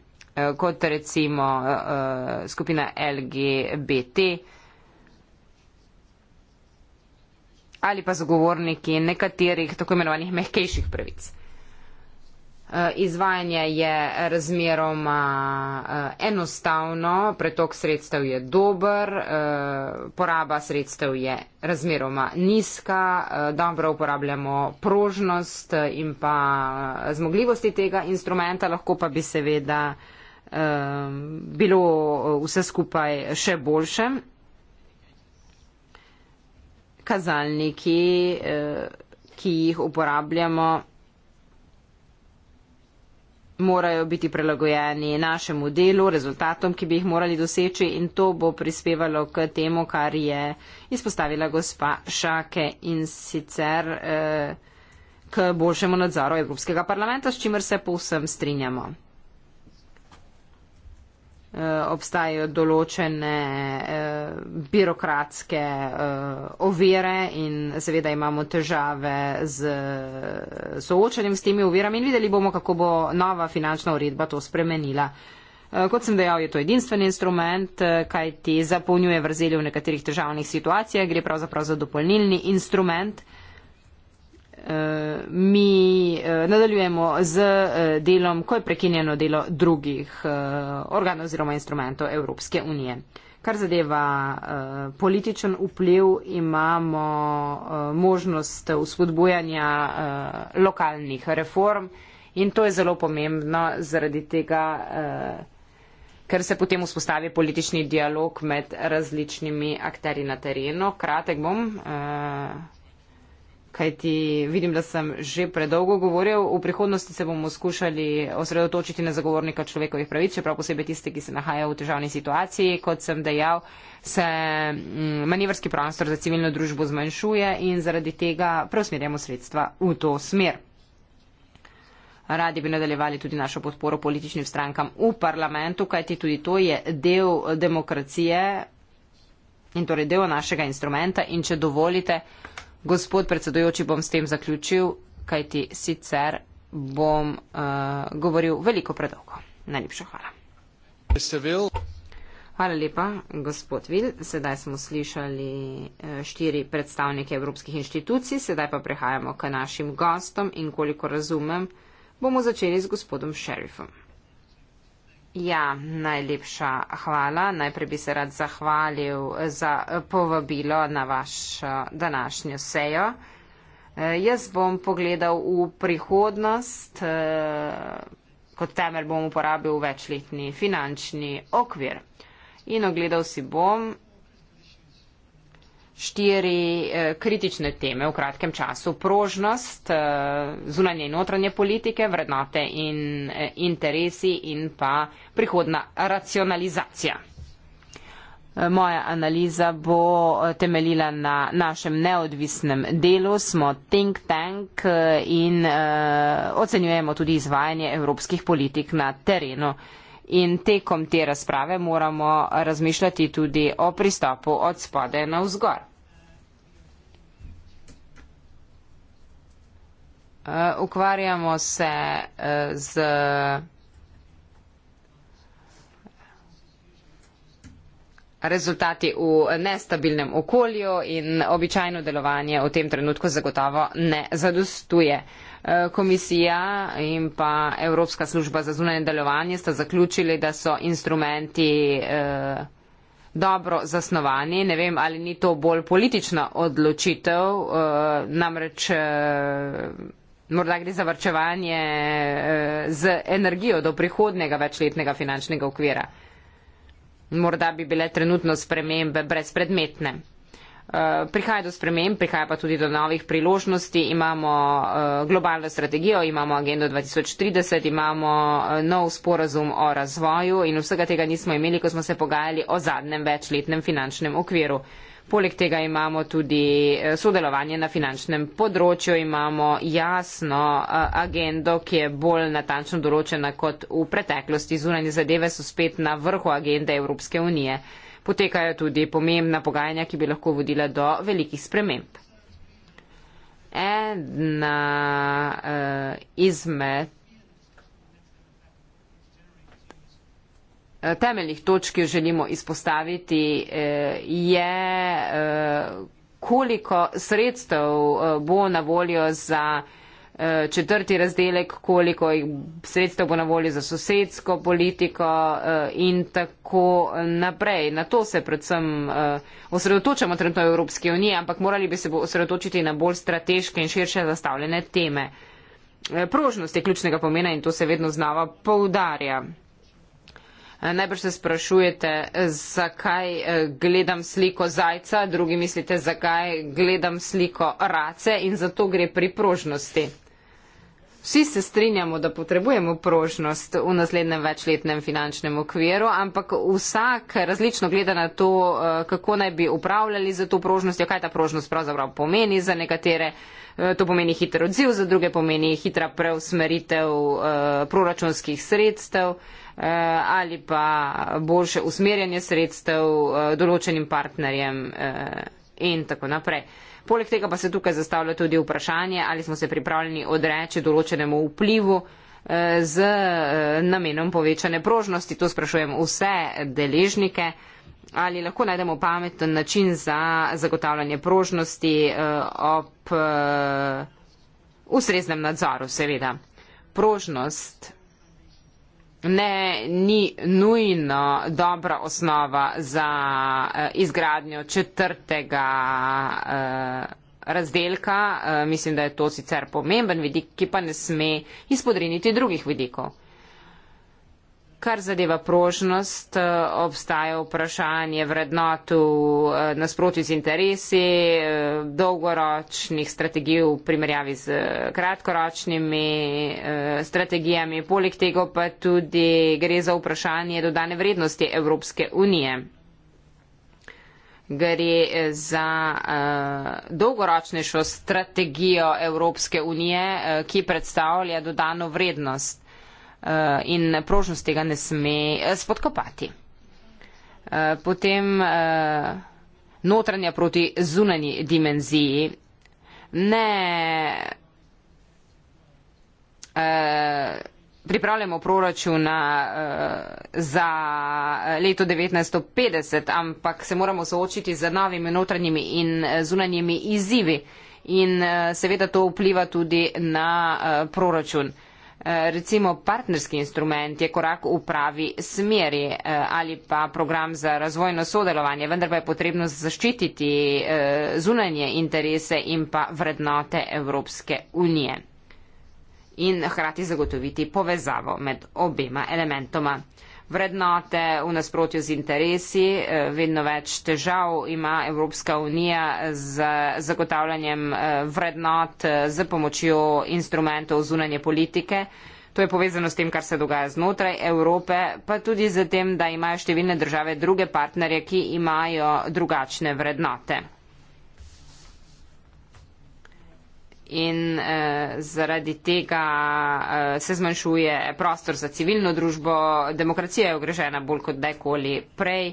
kot recimo skupina LGBT. ali pa zagovorniki nekaterih tako imenovanih mehkejših pravic. E, izvajanje je razmeroma e, enostavno, pretok sredstev je dober, e, poraba sredstev je razmeroma nizka, dobro uporabljamo prožnost in pa zmogljivosti tega instrumenta, lahko pa bi seveda bilo vse skupaj še boljše kazalniki, eh, ki jih uporabljamo, morajo biti prelagojeni našemu delu, rezultatom, ki bi jih morali doseči in to bo prispevalo k temu, kar je izpostavila gospa Šake in sicer eh, k boljšemu nadzoru Evropskega parlamenta, s čimer se povsem strinjamo. Eh, obstajajo določene eh, birokratske eh, ovire in seveda imamo težave z soočanjem s temi ovirami in videli bomo, kako bo nova finančna uredba to spremenila. Kot sem dejal, je to edinstveni instrument, kaj ti zapolnjuje vrzeli v nekaterih težavnih situacijah, gre pravzaprav za dopolnilni instrument. Eh, mi eh, nadaljujemo z eh, delom, ko je prekinjeno delo drugih organov oziroma instrumentov Evropske unije. Kar zadeva političen vpliv, imamo možnost uspodbujanja lokalnih reform in to je zelo pomembno zaradi tega, ker se potem vzpostavi politični dialog med različnimi akteri na terenu. Kratek bom kajti vidim, da sem že predolgo govoril. V prihodnosti se bomo skušali osredotočiti na zagovornika človekovih pravic, čeprav posebej tiste, ki se nahajajo v težavni situaciji. Kot sem dejal, se mm, manevrski prostor za civilno družbo zmanjšuje in zaradi tega preusmerjamo sredstva v to smer. Radi bi nadaljevali tudi našo podporo političnim strankam v parlamentu, kajti tudi to je del demokracije in torej del našega instrumenta in če dovolite, Gospod predsedujoči, bom s tem zaključil, kajti sicer bom uh, govoril veliko predolgo. Najlepša hvala. Hvala lepa, gospod Vil. Sedaj smo slišali eh, štiri predstavnike evropskih inštitucij, sedaj pa prehajamo k našim gostom in koliko razumem, bomo začeli z gospodom šerifom. Ja, najlepša hvala. Najprej bi se rad zahvalil za povabilo na vaš eh, današnjo sejo. Eh, jaz bom pogledal v prihodnost, eh, kot temelj bom uporabil večletni finančni okvir. In ogledal si bom štiri eh, kritične teme v kratkem času. Prožnost, eh, zunanje in notranje politike, vrednote in eh, interesi in pa prihodna racionalizacija. Moja analiza bo temeljila na našem neodvisnem delu. Smo think tank in ocenjujemo tudi izvajanje evropskih politik na terenu in tekom te razprave moramo razmišljati tudi o pristopu od spode na vzgor. Uh, ukvarjamo se uh, z rezultati v nestabilnem okolju in običajno delovanje v tem trenutku zagotovo ne zadostuje. Uh, Eh, komisija in pa Evropska služba za zunanje delovanje sta zaključili, da so instrumenti eh, dobro zasnovani. Ne vem, ali ni to bolj politična odločitev, eh, namreč morda gre za vrčevanje z energijo do prihodnega večletnega finančnega okvira. Morda bi bile trenutno spremembe brezpredmetne. Eh, prihaja do sprememb, prihaja pa tudi do novih priložnosti. Imamo eh, globalno strategijo, imamo agendo 2030, imamo eh, nov sporazum o razvoju in vsega tega nismo imeli, ko smo se pogajali o zadnjem večletnem finančnem okviru. Poleg tega imamo tudi sodelovanje na finančnem področju, imamo jasno agendo, ki je bolj natančno določena kot v preteklosti. Zunanje zadeve so spet na vrhu agende Evropske unije. Potekajo tudi pomembna pogajanja, ki bi lahko vodila do velikih sprememb. Ena uh, izmed eh, temeljnih točk, ki jo želimo izpostaviti, uh, je, uh, koliko sredstev uh, bo na voljo za Eh, četrti razdelek, koliko sredstev bo na voljo za sosedsko politiko eh, in tako naprej. Na to se predvsem eh, osredotočamo trenutno v Evropski uniji, ampak morali bi se osredotočiti na bolj strateške in širše zastavljene teme. Prožnost je ključnega pomena in to se vedno znova poudarja. Najbrž se sprašujete, zakaj gledam sliko zajca, drugi mislite, zakaj gledam sliko race in zato gre pri prožnosti. Vsi se strinjamo, da potrebujemo prožnost v naslednjem večletnem finančnem okviru, ampak vsak različno gleda na to, eh, kako naj bi upravljali za to prožnost, kaj ta prožnost pravzaprav pomeni za nekatere. Eh, to pomeni hiter odziv, za druge pomeni hitra preusmeritev eh, proračunskih sredstev ali pa boljše usmerjanje sredstev določenim partnerjem in tako naprej. Poleg tega pa se tukaj zastavlja tudi vprašanje, ali smo se pripravljeni odreči določenemu vplivu eh, z eh, namenom povečane prožnosti. To sprašujem vse deležnike, ali lahko najdemo pameten način za zagotavljanje prožnosti eh, ob ustreznem nadzoru, seveda. Prožnost ne, ni nujno dobra osnova za eh, izgradnjo četrtega eh, razdelka. Eh, mislim, da je to sicer pomemben vidik, ki pa ne sme izpodriniti drugih vidikov. Kar zadeva prožnost, eh, obstaja vprašanje vrednotu eh, nasproti z interesi, eh, dolgoročnih strategij v primerjavi z kratkoročnimi strategijami. Poleg tega pa tudi gre za vprašanje dodane vrednosti Evropske unije. Gre za uh, dolgoročnejšo strategijo Evropske unije, uh, ki predstavlja dodano vrednost. Eh, in prožnost tega ne sme eh, spodkopati. Eh, potem notranja proti zunanji dimenziji. Ne pripravljamo proračuna za leto 1950, ampak se moramo soočiti z novimi notranjimi in zunanjimi izzivi. In seveda to vpliva tudi na proračun recimo partnerski instrument je korak v pravi smeri eh, ali pa program za razvojno sodelovanje, vendar pa je potrebno zaščititi eh, zunanje interese in pa vrednote Evropske unije in hkrati zagotoviti povezavo med obema elementoma vrednote v nasprotju z interesi. Eh, vedno več težav ima Evropska unija z zagotavljanjem eh, vrednot eh, z pomočjo instrumentov zunanje politike. To je povezano s tem, kar se dogaja znotraj Evrope, pa tudi z tem, da imajo številne države druge partnerje, ki imajo drugačne vrednote. in uh, zaradi tega uh, se zmanjšuje prostor za civilno družbo, demokracija je ogrežena bolj kot dajkoli prej.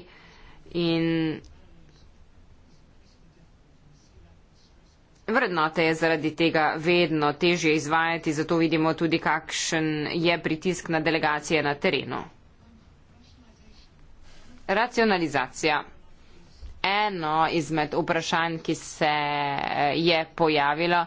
In Vrednote je zaradi tega vedno težje izvajati, zato vidimo tudi, kakšen je pritisk na delegacije na terenu. Racionalizacija. Eno izmed vprašanj, ki se eh, je pojavilo,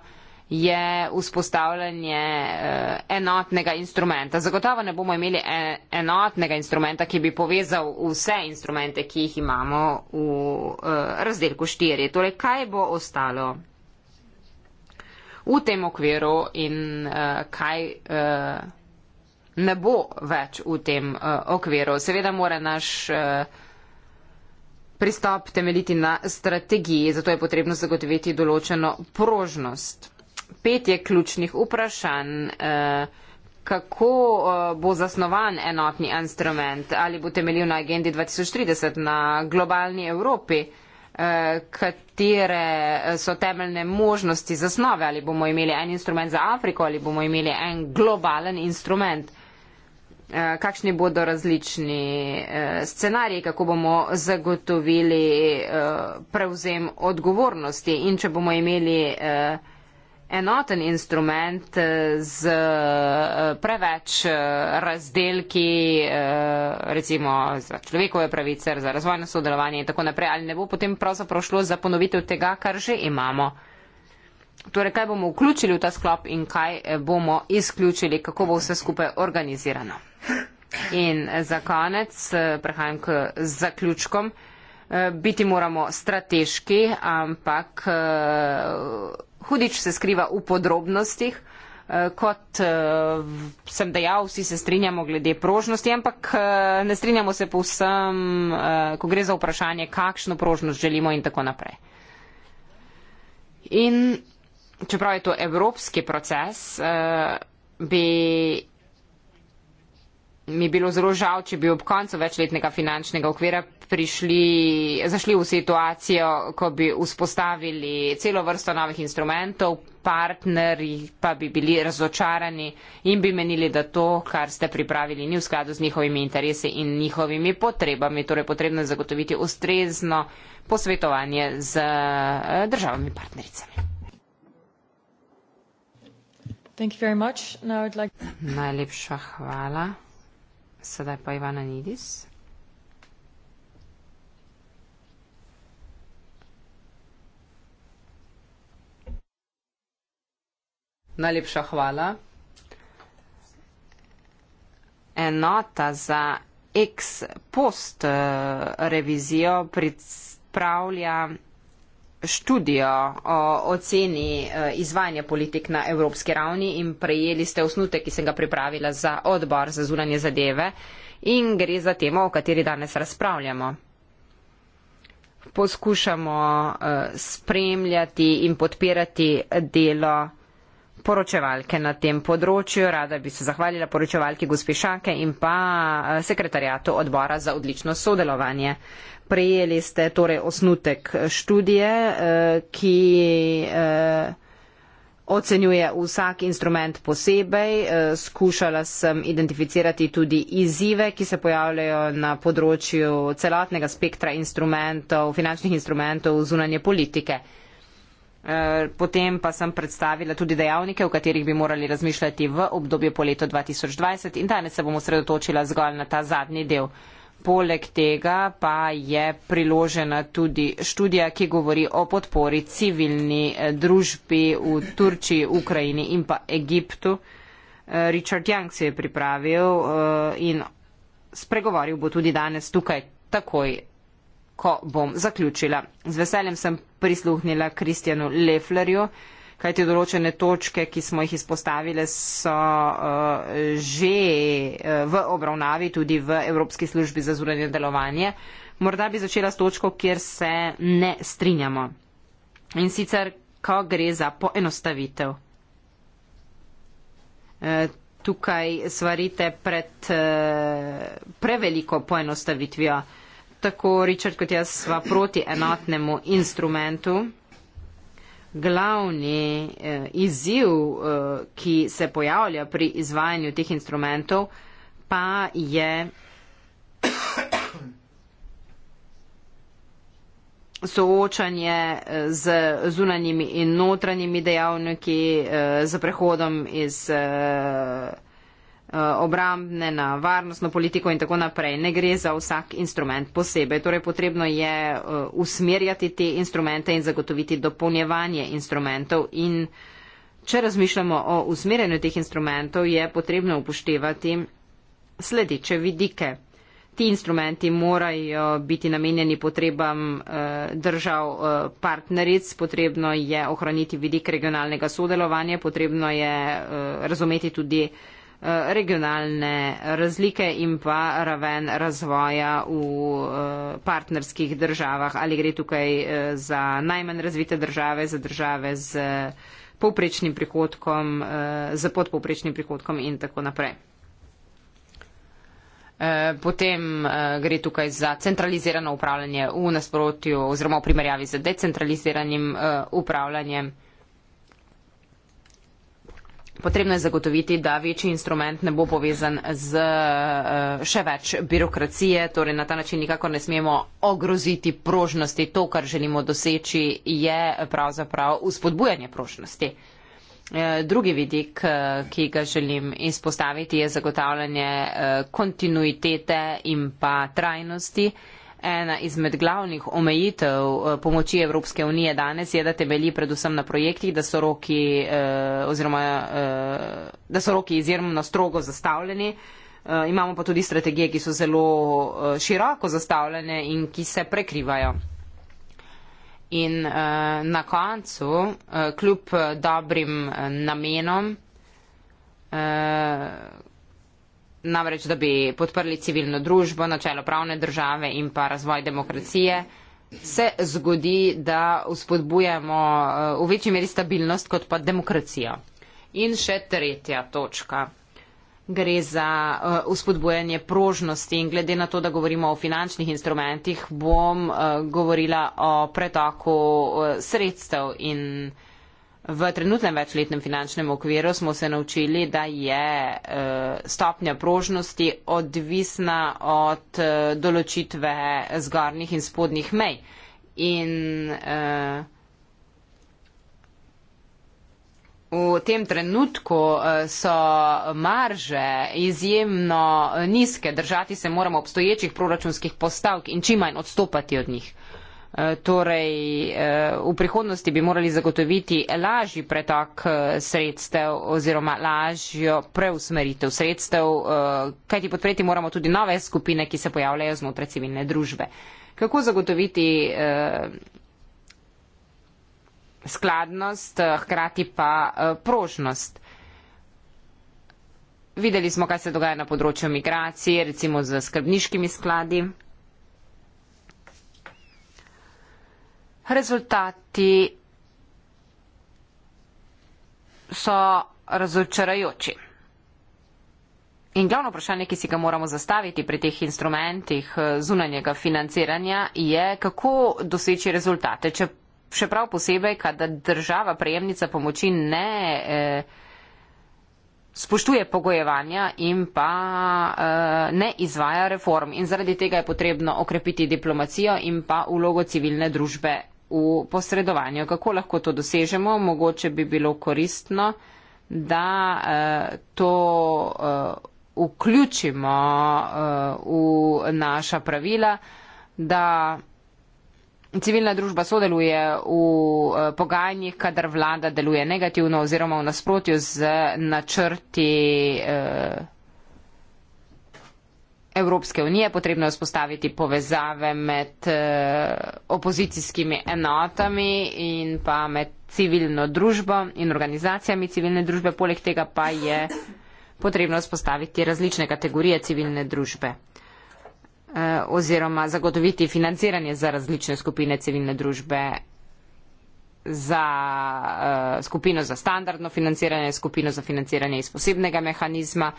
je vzpostavljanje eh, enotnega instrumenta. Zagotovo ne bomo imeli e, enotnega instrumenta, ki bi povezal vse instrumente, ki jih imamo v eh, razdelku 4. Torej, kaj bo ostalo v tem okviru in eh, kaj ne bo več v tem okviru? Seveda mora naš pristop temeljiti na strategiji, zato je potrebno zagotoviti določeno prožnost petje ključnih vprašanj, eh, kako eh, bo zasnovan enotni instrument, ali bo temeljil na agendi 2030, na globalni Evropi, eh, katere so temeljne možnosti zasnove, ali bomo imeli en instrument za Afriko, ali bomo imeli en globalen instrument. Kakšni bodo različni scenariji, kako bomo zagotovili prevzem odgovornosti in če bomo imeli enoten instrument eh, z eh, preveč eh, razdelki, recimo za človekove pravice, za razvojno sodelovanje in tako naprej, ali ne bo potem pravzaprav šlo za ponovitev tega, kar že imamo. Torej, kaj bomo vključili v ta sklop in kaj bomo izključili, kako bo vse skupaj organizirano. In za konec prehajam k zaključkom. Eh, biti moramo strateški, ampak eh, hudič se skriva v podrobnostih. Eh, kot sem dejal, vsi se strinjamo glede prožnosti, ampak ne strinjamo se povsem, ko gre za vprašanje, kakšno prožnost želimo in tako naprej. In čeprav je to evropski proces, bi mi bilo zelo žal, če bi ob koncu večletnega finančnega okvira prišli, zašli v situacijo, ko bi vzpostavili celo vrsto novih instrumentov, partnerji pa bi bili razočarani in bi menili, da to, kar ste pripravili, ni v skladu z njihovimi interesi in njihovimi potrebami. Torej potrebno je zagotoviti ustrezno posvetovanje z eh, državami partnericami. Like... Najlepša hvala. Sedaj pa Ivana Nidis. Najlepša hvala. Enota za ex post eh, revizijo pripravlja študijo o oceni eh, izvajanja politik na evropski ravni in prejeli ste osnutek, ki sem ga pripravila za odbor za zunanje zadeve in gre za temo, o kateri danes razpravljamo. Poskušamo eh, spremljati in podpirati delo poročevalke na tem področju. Rada bi se zahvalila poročevalki gospi Šake in pa eh, sekretarjatu odbora za odlično sodelovanje. Prejeli ste torej osnutek študije, eh, ki eh, ocenjuje vsak instrument posebej. Skušala sem identificirati tudi izzive, ki se pojavljajo na področju celotnega spektra instrumentov, finančnih instrumentov zunanje politike. Eh, potem pa sem predstavila tudi dejavnike, o katerih bi morali razmišljati v obdobju po leto 2020 in danes se bom osredotočila zgolj na ta zadnji del. Poleg tega pa je priložena tudi študija, ki govori o podpori civilni eh, družbi v Turčiji, Ukrajini in pa Egiptu. Eh, Richard Young se je pripravil in spregovoril bo tudi danes tukaj takoj ko bom zaključila. Z veseljem sem prisluhnila Kristjanu Leflerju, kajti določene točke, ki smo jih izpostavile, so uh, že uh, v obravnavi tudi v Evropski službi za zunanje delovanje. Morda bi začela s točko, kjer se ne strinjamo. In sicer, ko gre za poenostavitev. Eh, tukaj svarite pred preveliko poenostavitvijo tako Richard kot jaz sva proti enotnemu instrumentu. Glavni eh, izziv, eh, ki se pojavlja pri izvajanju teh instrumentov, pa je soočanje eh, z zunanjimi in notranjimi dejavniki, eh, z prehodom iz. Eh, obrambne, na varnostno politiko in tako naprej. Ne gre za vsak instrument posebej. Torej, potrebno je eh, usmerjati te instrumente in zagotoviti dopolnjevanje instrumentov. In če razmišljamo o usmerjanju teh instrumentov, je potrebno upoštevati sledeče vidike. Ti instrumenti morajo biti namenjeni potrebam eh, držav eh, partneric, potrebno je ohraniti vidik regionalnega sodelovanja, potrebno je razumeti tudi Eh, regionalne razlike in pa raven razvoja v eh, partnerskih državah. Ali gre tukaj eh, za najmanj razvite države, za države z povprečnim prihodkom, za podpovprečnim prihodkom in tako naprej. Potem gre tukaj za centralizirano upravljanje v nasprotju oziroma v primerjavi z decentraliziranim upravljanjem. Potrebno je zagotoviti, da večji instrument ne bo povezan z eh, še več birokracije, torej na ta način nikako ne smemo ogroziti prožnosti. To, kar želimo doseči, je pravzaprav uspodbujanje prožnosti. Eh, drugi vidik, eh, ki ga želim izpostaviti, je zagotavljanje kontinuitete in pa trajnosti. Ena izmed glavnih omejitev eh, pomoči Evropske unije danes je, da temelji predvsem na projektih, da so roki, eh, oziroma, eh, da so roki izjemno strogo zastavljeni. Eh, imamo pa tudi strategije, ki so zelo eh, široko zastavljene in ki se prekrivajo. In eh, na koncu, eh, kljub eh, dobrim eh, namenom, eh, namreč, da bi podprli civilno družbo, načelo pravne države in pa razvoj demokracije, se zgodi, da vzpodbujamo eh, v večji meri stabilnost kot pa demokracijo. In še tretja točka. Gre za eh, vzpodbujanje prožnosti in glede na to, da govorimo o finančnih instrumentih, bom eh, govorila o pretoku sredstev in V trenutnem večletnem finančnem okviru smo se naučili, da je eh, stopnja prožnosti odvisna od eh, določitve zgornjih in spodnjih mej. In eh, v tem trenutku so marže izjemno nizke, držati se moramo obstoječih proračunskih postavk in čim manj odstopati od njih. Eh, torej eh, v prihodnosti bi morali zagotoviti lažji pretok eh, sredstev oziroma lažjo preusmeritev sredstev, kajti podpreti moramo tudi nove skupine, ki se pojavljajo znotraj civilne družbe. Kako zagotoviti skladnost, hkrati pa prožnost? Videli smo, kaj se dogaja na področju migracije, recimo z skrbniškimi skladi. rezultati so razočarajoči. In glavno vprašanje, ki si ga moramo zastaviti pri teh instrumentih eh, zunanjega financiranja, je, kako doseči rezultate, če še prav posebej, kada država prejemnica pomoči ne eh, spoštuje pogojevanja in pa eh, ne izvaja reform. In zaradi tega je potrebno okrepiti diplomacijo in pa ulogo civilne družbe v posredovanju. Kako lahko to dosežemo? Mogoče bi bilo koristno, da eh, to eh, vključimo eh, v naša pravila, da civilna družba sodeluje v eh, pogajanjih, kadar vlada deluje negativno oziroma v nasprotju z načrti. Eh, Evropske unije potrebno je vzpostaviti povezave med eh, opozicijskimi enotami in pa med civilno družbo in organizacijami civilne družbe. Poleg tega pa je potrebno vzpostaviti različne kategorije civilne družbe eh, oziroma zagotoviti financiranje za različne skupine civilne družbe, za eh, skupino za standardno financiranje, skupino za financiranje iz posebnega mehanizma.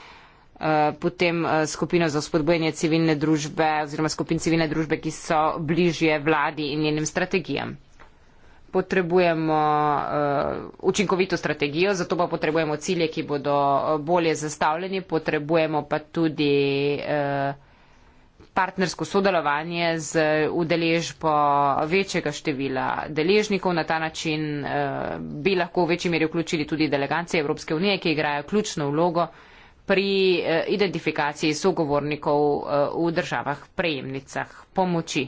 Eh, potem eh, skupino za spodbojanje civilne družbe oziroma skupin civilne družbe, ki so bližje vladi in njenim strategijam. Potrebujemo uh, učinkovito strategijo, zato pa potrebujemo cilje, ki bodo bolje zastavljeni, potrebujemo pa tudi uh, partnersko sodelovanje z udeležbo večjega števila deležnikov. Na ta način uh, bi lahko v večji meri vključili tudi delegacije Evropske unije, ki igrajo ključno vlogo uh, pri eh, identifikaciji sogovornikov eh, v državah prejemnicah pomoči.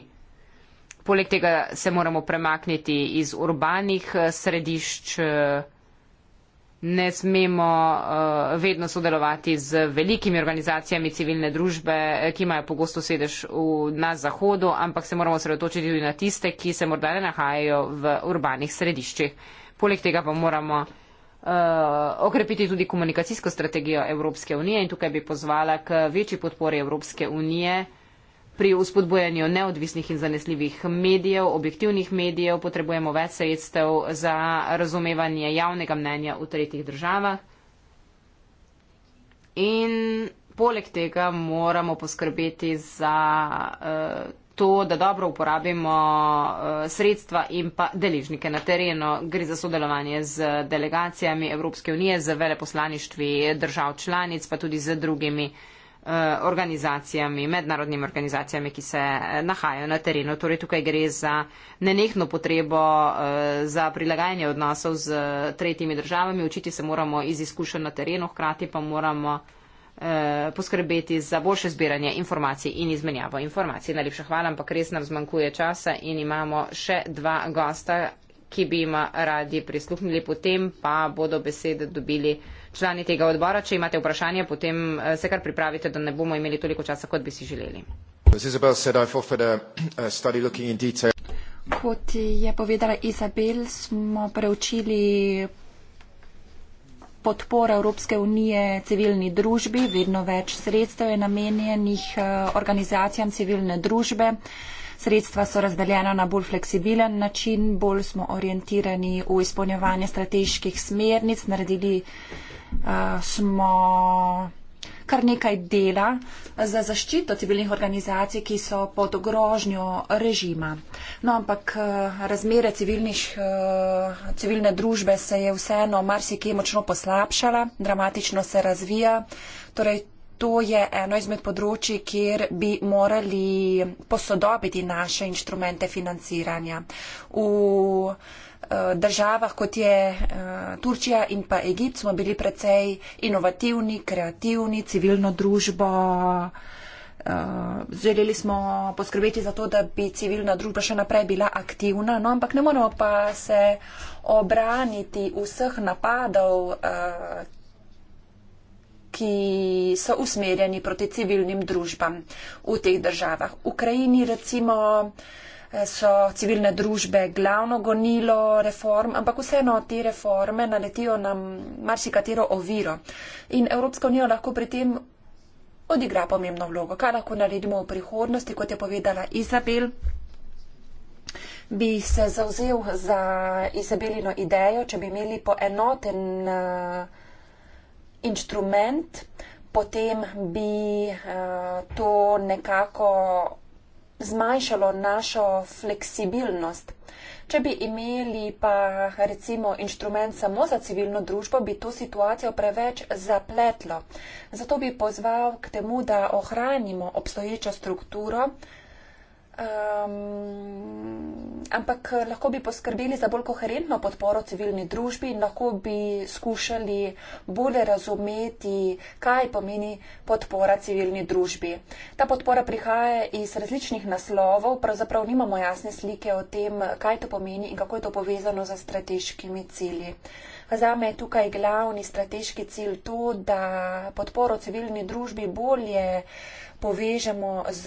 Poleg tega se moramo premakniti iz urbanih eh, središč, ne smemo vedno sodelovati z velikimi organizacijami civilne družbe, ki imajo pogosto sedež na zahodu, ampak se moramo sredotočiti tudi na tiste, ki se morda ne nahajajo v urbanih središčih. Poleg tega pa moramo Eh, okrepiti tudi komunikacijsko strategijo Evropske unije in tukaj bi pozvala k večji podpori Evropske unije pri uspodbojanju neodvisnih in zanesljivih medijev, objektivnih medijev, potrebujemo več sredstev za razumevanje javnega mnenja v tretjih državah. In poleg tega moramo poskrbeti za uh, to, da dobro uporabimo eh, sredstva in pa deležnike na terenu. Gre za sodelovanje z delegacijami Evropske unije, z veleposlaništvi držav članic, pa tudi z drugimi eh, organizacijami, mednarodnimi organizacijami, ki se eh, nahajajo na terenu. Torej tukaj gre za nenehno potrebo za prilagajanje odnosov z tretjimi državami. Učiti se moramo iz izkušenj na terenu, hkrati pa moramo Eh, poskrbeti za boljše zbiranje informacij in izmenjavo informacij. Najlepša hvala, ampak res nam zmanjkuje časa in imamo še dva gosta, ki bi jima radi prisluhnili, potem pa bodo besede dobili člani tega odbora. Če imate vprašanje, potem eh, se kar pripravite, da ne bomo imeli toliko časa, kot bi si želeli. Kot je povedala Izabel, smo preučili podpora Evropske unije civilni družbi, vedno več sredstev je namenjenih eh, organizacijam civilne družbe. Sredstva so razdeljena na bolj fleksibilen način, bolj smo orientirani v izpolnjevanje strateških smernic. Naredili uh, smo kar nekaj dela za zaščito civilnih organizacij, ki so pod grožnjo režima. No, ampak eh, razmere civilnih, eh, civilne družbe se je vseeno marsikje močno poslabšala, dramatično se razvija. Torej, To je eno izmed področji, kjer bi morali posodobiti naše inštrumente financiranja. V Eh, državah, kot je eh, Turčija in pa Egipt, smo bili precej inovativni, kreativni, civilno družbo. Eh, želeli smo poskrbeti za to, da bi civilna družba še naprej bila aktivna, no, ampak ne moremo pa se obraniti vseh napadov, ki so usmerjeni proti civilnim družbam v teh državah. V Ukrajini recimo so civilne družbe glavno gonilo reform, ampak vseeno te reforme naletijo nam marsikatero oviro. In Evropska unija lahko pri tem odigra pomembno vlogo. Kaj lahko naredimo v prihodnosti, kot je povedala Izabel? Bi se zauzel za Izabelino idejo, če bi imeli poenoten eh, inštrument, potem bi eh, to nekako zmanjšalo našo fleksibilnost. Če bi imeli pa recimo inštrument samo za civilno družbo, bi to situacijo preveč zapletlo. Zato bi pozval k temu, da ohranimo obstoječo strukturo, Um, ampak eh, lahko bi poskrbeli za bolj koherentno podporo civilni družbi in lahko bi skušali bolje razumeti, kaj pomeni podpora civilni družbi. Ta podpora prihaja iz različnih naslovov, pravzaprav nimamo jasne slike o tem, kaj to pomeni in kako je to povezano z strateškimi cilji. Za me je tukaj glavni strateški cilj to, da podporo civilni družbi bolje povežemo z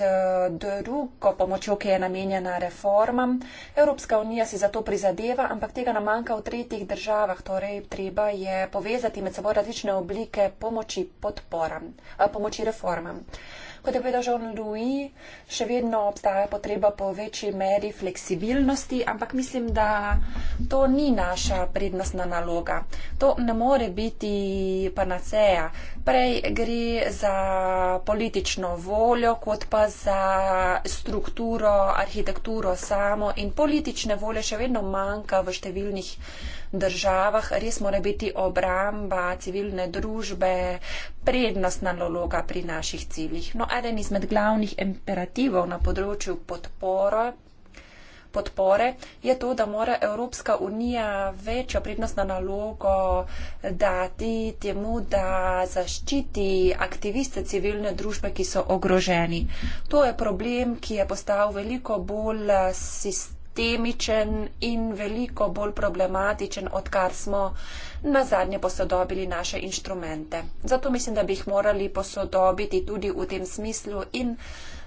drugo pomočjo, ki je namenjena reformam. Evropska unija si za to prizadeva, ampak tega nam manjka v tretjih državah. Torej, treba je povezati med seboj različne oblike pomoči, podpora, eh, pomoči reformam. Kot je povedal Žon Lui, še vedno obstaja potreba po večji meri fleksibilnosti, ampak mislim, da to ni naša prednostna naloga. To ne more biti panaceja. Prej gre za politično voljo, kot pa za strukturo, arhitekturo samo in politične volje še vedno manjka v številnih državah res mora biti obramba civilne družbe prednostna naloga pri naših ciljih. No, eden izmed glavnih imperativov na področju podpora. Podpore je to, da mora Evropska unija večjo prednostno nalogo dati temu, da zaščiti aktiviste civilne družbe, ki so ogroženi. To je problem, ki je postal veliko bolj sistemski sistemičen in veliko bolj problematičen, odkar smo na zadnje posodobili naše inštrumente. Zato mislim, da bi jih morali posodobiti tudi v tem smislu in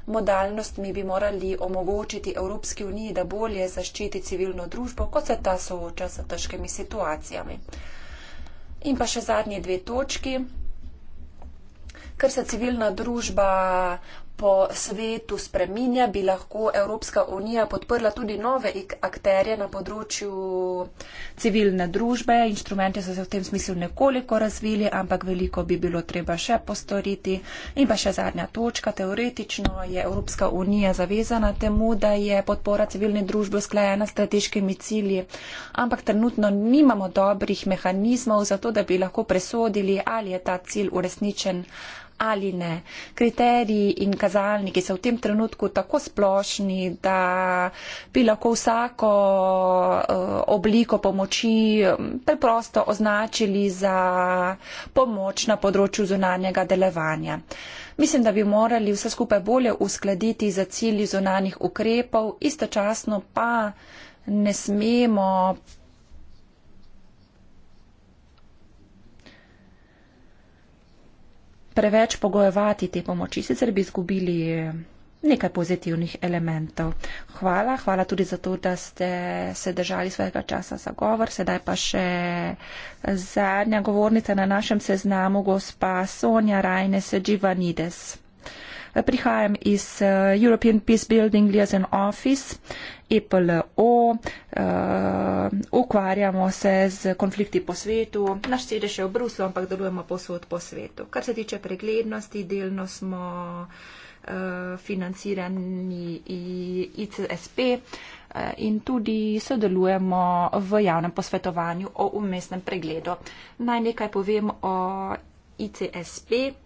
modalnost mi bi morali omogočiti Evropski uniji, da bolje zaščiti civilno družbo, ko se ta sooča s težkimi situacijami. In pa še zadnje dve točki. Ker se civilna družba po svetu spreminja, bi lahko Evropska unija podprla tudi nove akterje na področju civilne družbe. Inštrumente so se v tem smislu nekoliko razvili, ampak veliko bi bilo treba še postoriti. In pa še zadnja točka. Teoretično je Evropska unija zavezana temu, da je podpora civilne družbe usklajena s strateškimi cilji, ampak trenutno nimamo dobrih mehanizmov za to, da bi lahko presodili, ali je ta cilj uresničen ali ne. Kriteriji in kazalniki so v tem trenutku tako splošni, da bi lahko vsako eh, obliko pomoči mm, preprosto označili za pomoč na področju zunanjega delovanja. Mislim, da bi morali vse skupaj bolje uskladiti za cilji zunanih ukrepov, istočasno pa ne smemo preveč pogojevati te pomoči, sicer bi izgubili nekaj pozitivnih elementov. Hvala, hvala tudi za to, da ste se držali svojega časa za govor. Sedaj pa še zadnja govornica na našem seznamu, gospa Sonja Rajne Sedživanides. Prihajam iz eh, European Peace Building Liaison Office, EPLO. Eh, ukvarjamo se z konflikti po svetu. Naš sedež je v Bruslu, ampak delujemo posod po svetu. Kar se tiče preglednosti, delno smo eh, financirani ICSP in tudi sodelujemo v javnem posvetovanju o umestnem pregledu. Naj nekaj povem o ICSP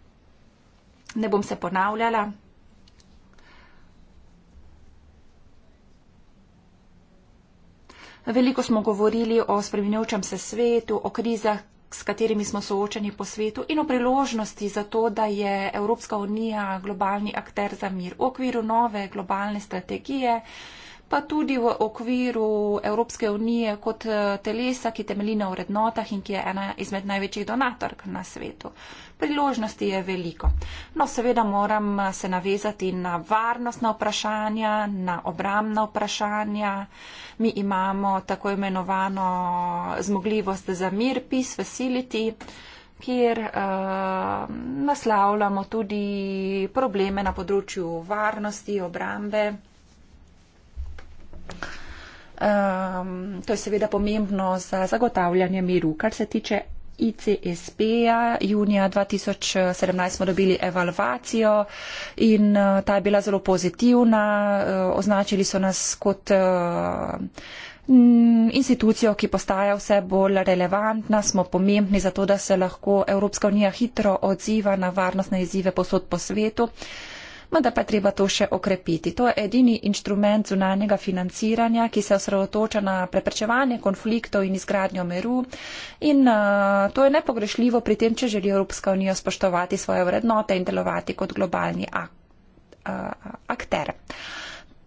ne bom se ponavljala. Veliko smo govorili o spremenjujočem se svetu, o krizah, s katerimi smo soočeni po svetu in o priložnosti za to, da je Evropska unija globalni akter za mir v okviru nove globalne strategije, pa tudi v okviru Evropske unije kot telesa, ki temeli na vrednotah in ki je ena izmed največjih donatork na svetu. Uh, priložnosti je veliko. No, seveda moram eh, se navezati na varnostna vprašanja, na obramna vprašanja. Mi imamo tako imenovano zmogljivost za mir, peace facility kjer uh, naslavljamo tudi probleme na področju varnosti, obrambe. Um, to je seveda pomembno za zagotavljanje miru, kar se tiče ICSP-ja. Junija 2017 smo dobili evalvacijo in eh, ta je bila zelo pozitivna. Eh, označili so nas kot eh, institucijo, ki postaja vse bolj relevantna, smo pomembni za to, da se lahko Evropska unija hitro odziva na varnostne izzive posod po svetu vendar pa je treba to še okrepiti. To je edini inštrument zunanjega financiranja, ki se osredotoča na preprečevanje konfliktov in izgradnjo miru. In uh, to je nepogrešljivo pri tem, če želi Evropska unija spoštovati svoje vrednote in delovati kot globalni ak uh, akter.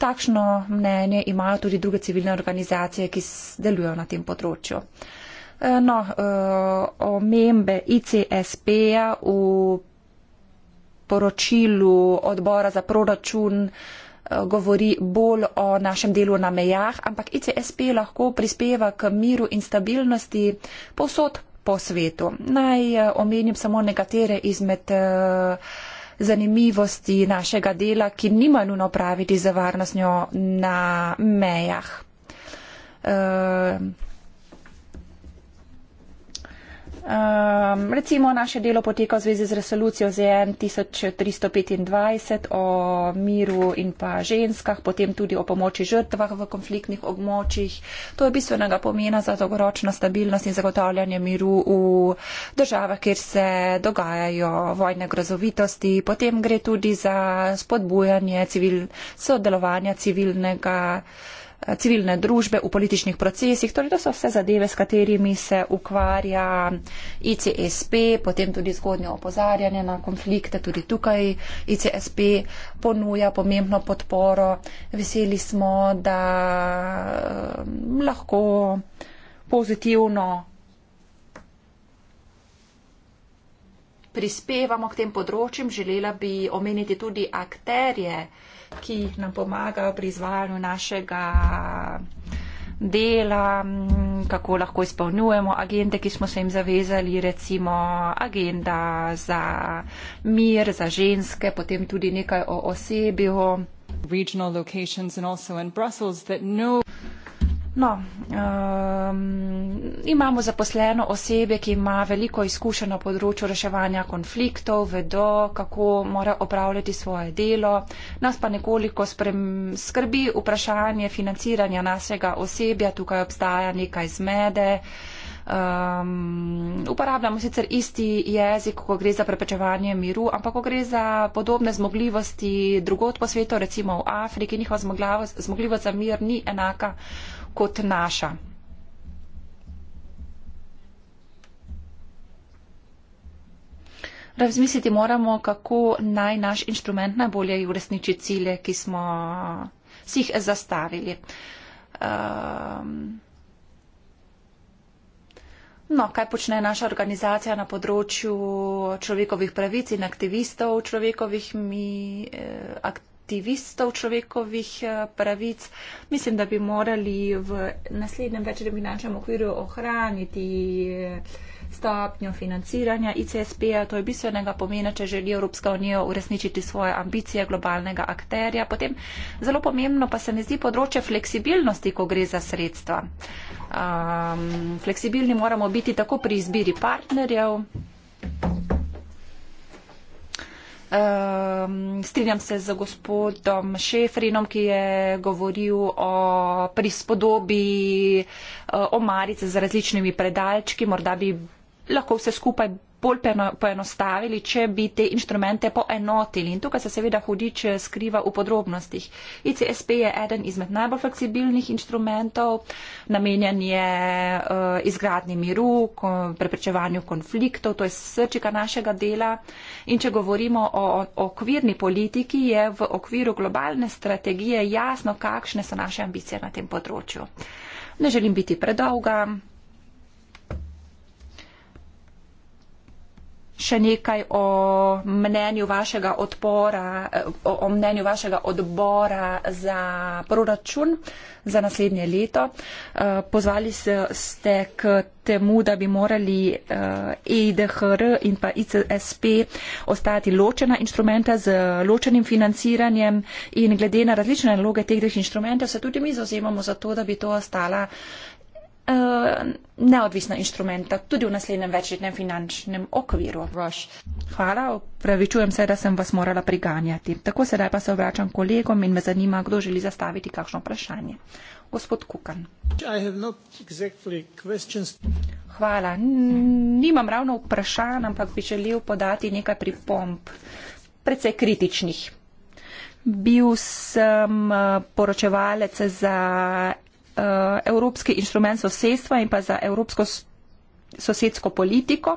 Takšno mnenje imajo tudi druge civilne organizacije, ki delujejo na tem področju. Uh, no, uh, omembe ICSP-ja v poročilu odbora za proračun eh, govori bolj o našem delu na mejah, ampak ICSP lahko prispeva k miru in stabilnosti posod po svetu. Naj eh, omenim samo nekatere izmed eh, zanimivosti našega dela, ki nima nujno praviti za varnostjo na mejah. Um, recimo naše delo poteka v zvezi z resolucijo ZN 1325 o miru in pa ženskah, potem tudi o pomoči žrtvah v konfliktnih območjih. To je bistvenega pomena za dolgoročno stabilnost in zagotavljanje miru v državah, kjer se dogajajo vojne grozovitosti. Potem gre tudi za spodbujanje civil, sodelovanja civilnega civilne družbe v političnih procesih. Torej, to so vse zadeve, s katerimi se ukvarja ICSP, potem tudi zgodnje opozarjanje na konflikte. Tudi tukaj ICSP ponuja pomembno podporo. Veseli smo, da um, lahko pozitivno prispevamo k tem področjem. Želela bi omeniti tudi akterje, ki nam pomagajo pri izvajanju našega dela, kako lahko izpolnjujemo agende, ki smo se jim zavezali, recimo agenda za mir, za ženske, potem tudi nekaj o osebju. No, um, imamo zaposleno osebe, ki ima veliko izkušeno področju reševanja konfliktov, vedo, kako mora opravljati svoje delo. Nas pa nekoliko skrbi vprašanje financiranja našega osebja, tukaj obstaja nekaj zmede. Um, uporabljamo sicer isti jezik, ko gre za preprečevanje miru, ampak ko gre za podobne zmogljivosti drugot po svetu, recimo v Afriki, njihova zmogljivost za mir ni enaka kot naša. Razmisliti moramo, kako naj naš inštrument najbolje uresniči cilje, ki smo si jih zastavili. Um, no, kaj počne naša organizacija na področju človekovih pravic in aktivistov človekovih mi, eh, aktivistov človekovih eh, pravic. Mislim, da bi morali v naslednjem večdominančnem okviru ohraniti eh, stopnjo financiranja ICSP-a, to je bistvenega pomena, če želi Evropska unija uresničiti svoje ambicije globalnega akterja. Potem zelo pomembno pa se mi zdi področje fleksibilnosti, ko gre za sredstva. Um, fleksibilni moramo biti tako pri izbiri partnerjev um, strinjam se z gospodom Šefrinom, ki je govoril o prispodobi uh, omarice z različnimi predalčki. Morda bi lahko vse skupaj bolj poenostavili, če bi te inštrumente poenotili. In tukaj se seveda hudič eh, skriva v podrobnostih. ICSP je eden izmed najbolj fleksibilnih inštrumentov, namenjen je uh, eh, izgradni miru, preprečevanju konfliktov, to je srčika našega dela. In če govorimo o, o okvirni politiki, je v okviru globalne strategije jasno, kakšne so naše ambicije na tem področju. Ne želim biti predolga, še nekaj o mnenju vašega odpora, o mnenju vašega odbora za proračun za naslednje leto. Eh, pozvali ste k temu, da bi morali EIDHR eh, e in pa ICSP ostati ločena inštrumenta z ločenim financiranjem in glede na različne naloge teh dveh inštrumentov se tudi mi zauzemamo za to, da bi to ostala uh, Eh, neodvisna inštrumenta tudi v naslednjem večletnem finančnem okviru. Rush. Hvala, upravičujem se, da sem vas morala priganjati. Tako sedaj pa se obračam kolegom in me zanima, kdo želi zastaviti kakšno vprašanje. Gospod Kukan. Exactly Hvala. Nimam ravno vprašanj, ampak bi želel podati nekaj pripomb, predvsej kritičnih. Bil sem eh, poročevalec za Eh, evropski inštrument sosedstva in pa za Evropsko sosedsko politiko.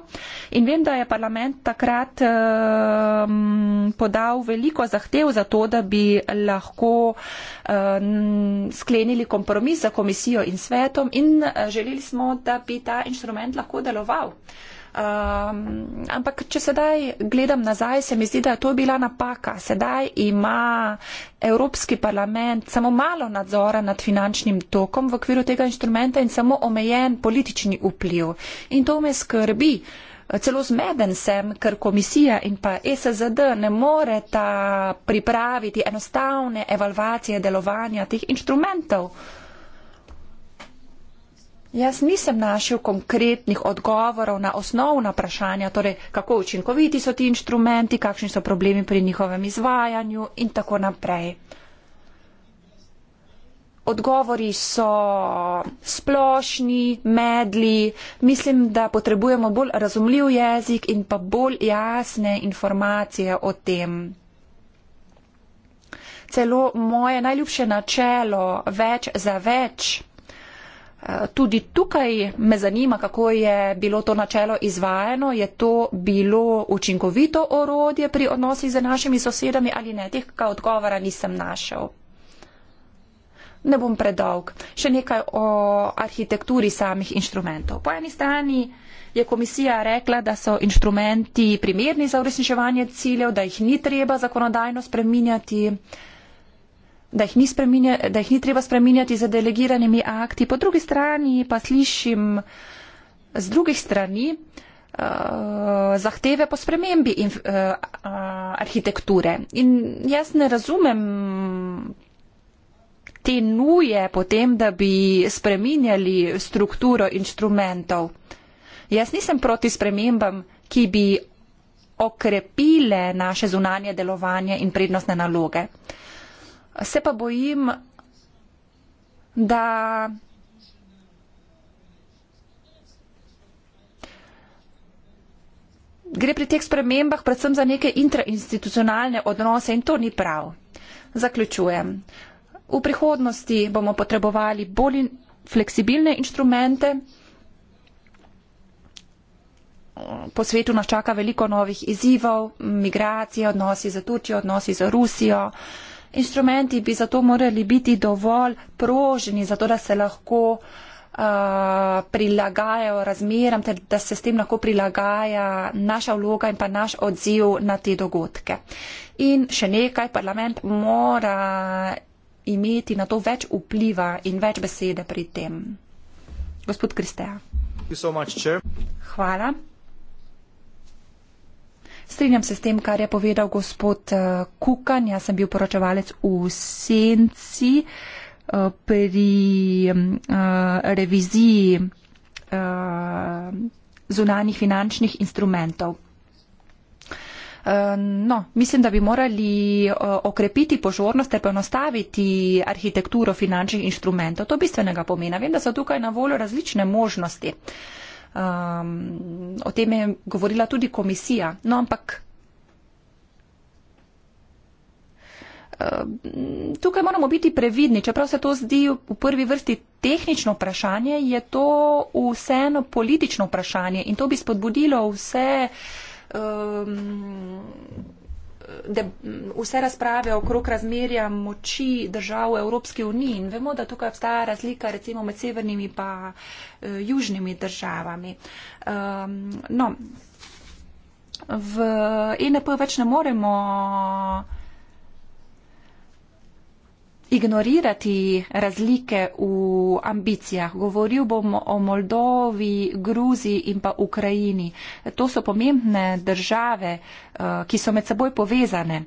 In vem, da je parlament takrat um, podal veliko zahtev za to, da bi lahko um, sklenili kompromis za komisijo in svetom in želeli smo, da bi ta inštrument lahko deloval. Uh, Um, ampak, če sedaj gledam nazaj, se mi zdi, da je to bila napaka. Sedaj ima Evropski parlament samo malo nadzora nad finančnim tokom v okviru tega inštrumenta in samo omejen politični vpliv. In to me skrbi. Celo zmeden sem, ker komisija in pa SZD ne moreta pripraviti enostavne evalvacije delovanja teh inštrumentov. Jaz nisem našel konkretnih odgovorov na osnovna vprašanja, torej kako učinkoviti so ti inštrumenti, kakšni so problemi pri njihovem izvajanju in tako naprej. Odgovori so splošni, medli, mislim, da potrebujemo bolj razumljiv jezik in pa bolj jasne informacije o tem. Celo moje najljubše načelo več za več. Tudi tukaj me zanima, kako je bilo to načelo izvajeno. Je to bilo učinkovito orodje pri odnosih z našimi sosedami ali ne? Tehka odgovora nisem našel. Ne bom predolg. Še nekaj o arhitekturi samih inštrumentov. Po eni strani je komisija rekla, da so inštrumenti primerni za uresničevanje ciljev, da jih ni treba zakonodajno spreminjati. Uh, da jih ni, da jih ni treba spreminjati za delegiranimi akti. Po drugi strani pa slišim z drugih strani eh, zahteve po spremembi in, uh, eh, arhitekture. In jaz ne razumem te nuje potem, da bi spreminjali strukturo inštrumentov. Jaz nisem proti spremembam, ki bi okrepile naše zunanje delovanje in prednostne naloge. Uh, Se pa bojim, da gre pri teh spremembah predvsem za neke intrainstitucionalne odnose in to ni prav. Zaključujem. V prihodnosti bomo potrebovali bolj fleksibilne inštrumente. Po svetu nas čaka veliko novih izzivov, migracije, odnosi za Turčijo, odnosi za Rusijo. Uh, instrumenti bi zato morali biti dovolj proženi, zato da se lahko uh, prilagajajo razmeram, ter da se s tem lahko prilagaja naša vloga in pa naš odziv na te dogodke. In še nekaj, parlament mora imeti na to več vpliva in več besede pri tem. Gospod Kristeja. Hvala. Strinjam se s tem, kar je povedal gospod eh, Kukan. Jaz sem bil poročevalec v Senci eh, pri mm, eh, reviziji zunanih finančnih instrumentov. No, mislim, da bi morali okrepiti požornost ter ponostaviti arhitekturo finančnih instrumentov. To je bistvenega pomena. Vem, da so tukaj na voljo različne možnosti. Um, o tem je govorila tudi komisija. No, ampak uh, tukaj moramo biti previdni. Čeprav se to zdi v prvi vrsti tehnično vprašanje, je to vseeno politično vprašanje in to bi spodbudilo vse. Um, de, vse razprave okrog razmerja moči držav v Evropski uniji in vemo, da tukaj obstaja razlika recimo med severnimi pa uh, južnimi državami. Um, no, v ENP več ne moremo ignorirati razlike v ambicijah. Govoril bom o Moldovi, Gruziji in pa Ukrajini. To so pomembne države, eh, ki so med seboj povezane.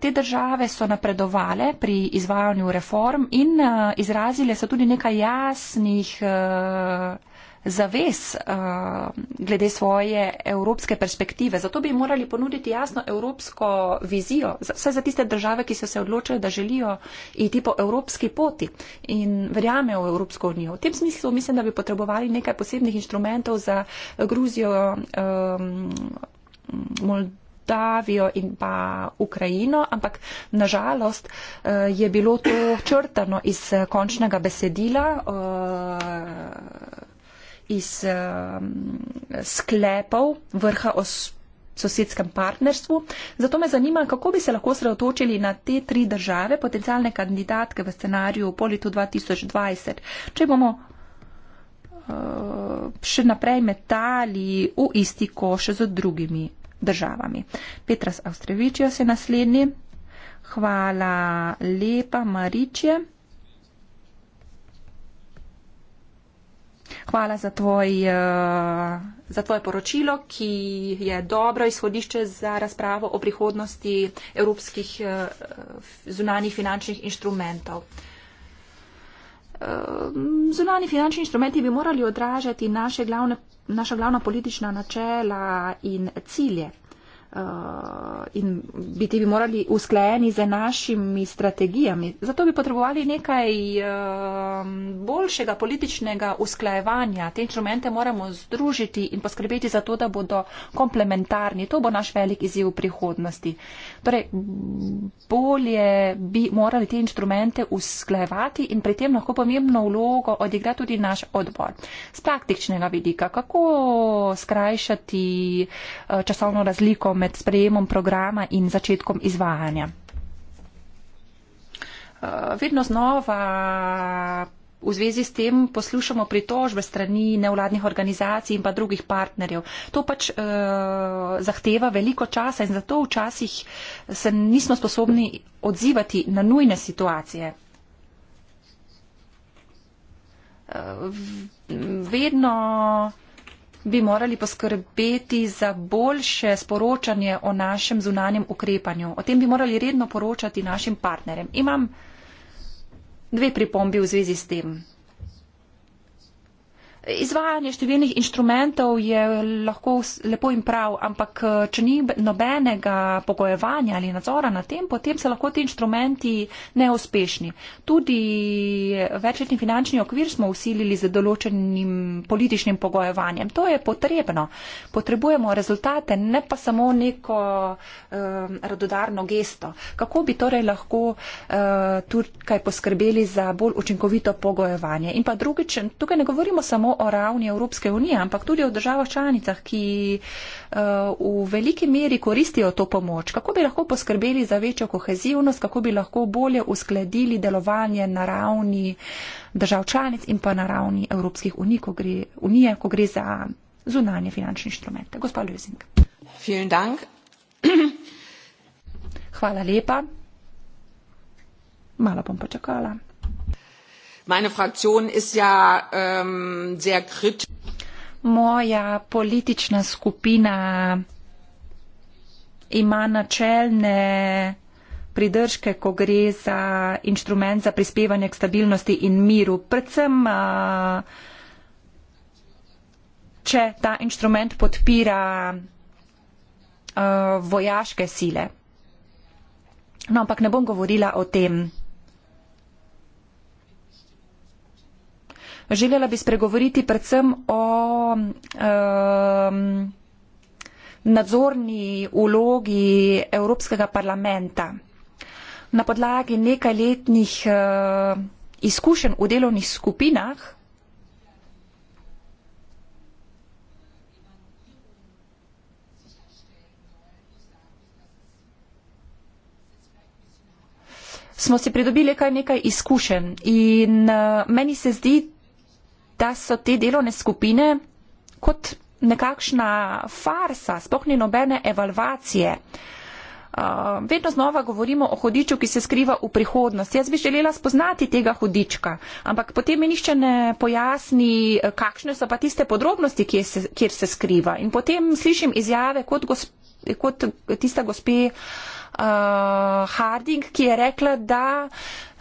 Te države so napredovale pri izvajanju reform in eh, izrazile so tudi nekaj jasnih eh, zaves uh, eh, glede svoje evropske perspektive. Zato bi morali ponuditi jasno evropsko vizijo, vse za tiste države, ki so se odločili, da želijo iti po evropski poti in verjamejo v Evropsko unijo. V tem smislu mislim, da bi potrebovali nekaj posebnih inštrumentov za Gruzijo, um, Moldavijo. Davijo in pa Ukrajino, ampak nažalost eh, je bilo to črtano iz eh, končnega besedila iz uh, sklepov vrha o sosedskem partnerstvu. Zato me zanima, kako bi se lahko sredotočili na te tri države, potencialne kandidatke v scenariju po letu 2020. Če bomo uh, še naprej metali v isti koš z drugimi državami. Petras Avstrevičijo se naslednji. Hvala lepa, Maričje. Hvala za tvoj, eh, za tvoje poročilo, ki je dobro izhodišče za razpravo o prihodnosti evropskih eh, zunanjih finančnih inštrumentov. Eh, Zunani finančni inštrumenti bi morali odražati naše glavne, naša glavna politična načela in cilje, in biti bi morali usklajeni z našimi strategijami. Zato bi potrebovali nekaj um, boljšega političnega usklajevanja. Te instrumente moramo združiti in poskrbeti za to, da bodo komplementarni. To bo naš velik izziv v prihodnosti. Torej, bolje bi morali te instrumente usklajevati in pri tem lahko pomembno vlogo odigra tudi naš odbor. Z praktičnega vidika, kako skrajšati uh, časovno razliko med med sprejemom programa in začetkom izvajanja? Eh, vedno znova v zvezi s tem poslušamo pritožbe strani nevladnih organizacij in pa drugih partnerjev. To pač e, zahteva veliko časa in zato včasih se nismo sposobni odzivati na nujne situacije. E, vedno bi morali poskrbeti za boljše sporočanje o našem zunanjem ukrepanju. O tem bi morali redno poročati našim partnerjem. Imam dve pripombi v zvezi s tem. Izvajanje številnih inštrumentov je lahko lepo in prav, ampak eh, če ni nobenega pogojevanja ali nadzora na tem, potem se lahko ti inštrumenti neuspešni. Tudi večletni finančni okvir smo usilili z določenim političnim pogojevanjem. To je potrebno. Potrebujemo rezultate, ne pa samo neko um, radodarno gesto. Kako bi torej lahko uh, tukaj poskrbeli za bolj učinkovito pogojevanje? In pa drugič, tukaj ne govorimo samo o ravni Evropske unije, ampak tudi o državah članicah, ki eh, v veliki meri koristijo to pomoč. Kako bi lahko poskrbeli za večjo kohezivnost, kako bi lahko bolje uskladili delovanje na ravni držav članic in pa na ravni Evropskih unij, ko gre, unije, ko gre za zunanje finančne inštrumente. Gospa Ljuzink. Hvala lepa. Malo bom počakala. Meine Fraktion ist ja ähm, sehr kritisch. Moja politična skupina ima načelne pridržke, ko gre za inštrument za prispevanje k stabilnosti in miru. Predvsem, če ta inštrument podpira vojaške sile. No, ampak ne bom govorila o tem. Želela bi spregovoriti predvsem o um, nadzorni ulogi Evropskega parlamenta. Na podlagi nekajletnih uh, izkušenj v delovnih skupinah smo si pridobili kar nekaj izkušenj in uh, meni se zdi, da so te delovne skupine kot nekakšna farsa, spohni nobene evalvacije. Uh, vedno znova govorimo o hodiču, ki se skriva v prihodnost. Jaz bi želela spoznati tega hodička, ampak potem mi nišče ne pojasni, kakšne so pa tiste podrobnosti, kjer se, kjer se skriva. In potem slišim izjave kot, gosp kot tista gospe uh, Harding, ki je rekla, da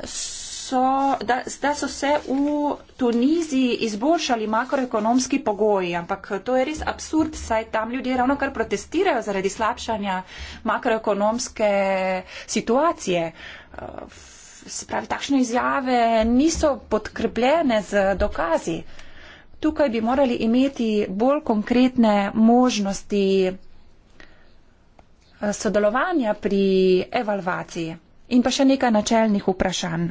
so so, da, da so se v Tuniziji izboljšali makroekonomski pogoji, ampak to je res absurd, saj tam ljudje ravno kar protestirajo zaradi slabšanja makroekonomske situacije. Eh, se pravi, takšne izjave niso podkrepljene z dokazi. Tukaj bi morali imeti bolj konkretne možnosti eh, sodelovanja pri evalvaciji. In pa še nekaj načelnih vprašanj.